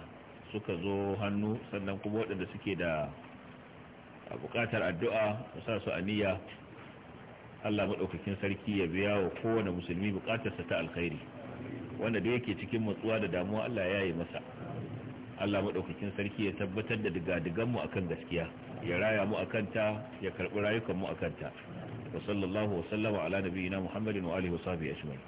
Speaker 1: suka zo hannu sannan kuma waɗanda suke da buƙatar addu'a su sa su aniya Allah maɗaukakin sarki ya biya wa kowane musulmi buƙatarsa ta alkhairi wanda da yake cikin matsuwa da damuwa Allah ya yi masa Allah maɗaukakin sarki ya tabbatar da diga-diganmu mu akan gaskiya ya raya mu akanta ya karbi rayukan mu akanta wa sallallahu wa sallama ala nabiyyina muhammadin wa alihi wa sahbihi ajma'in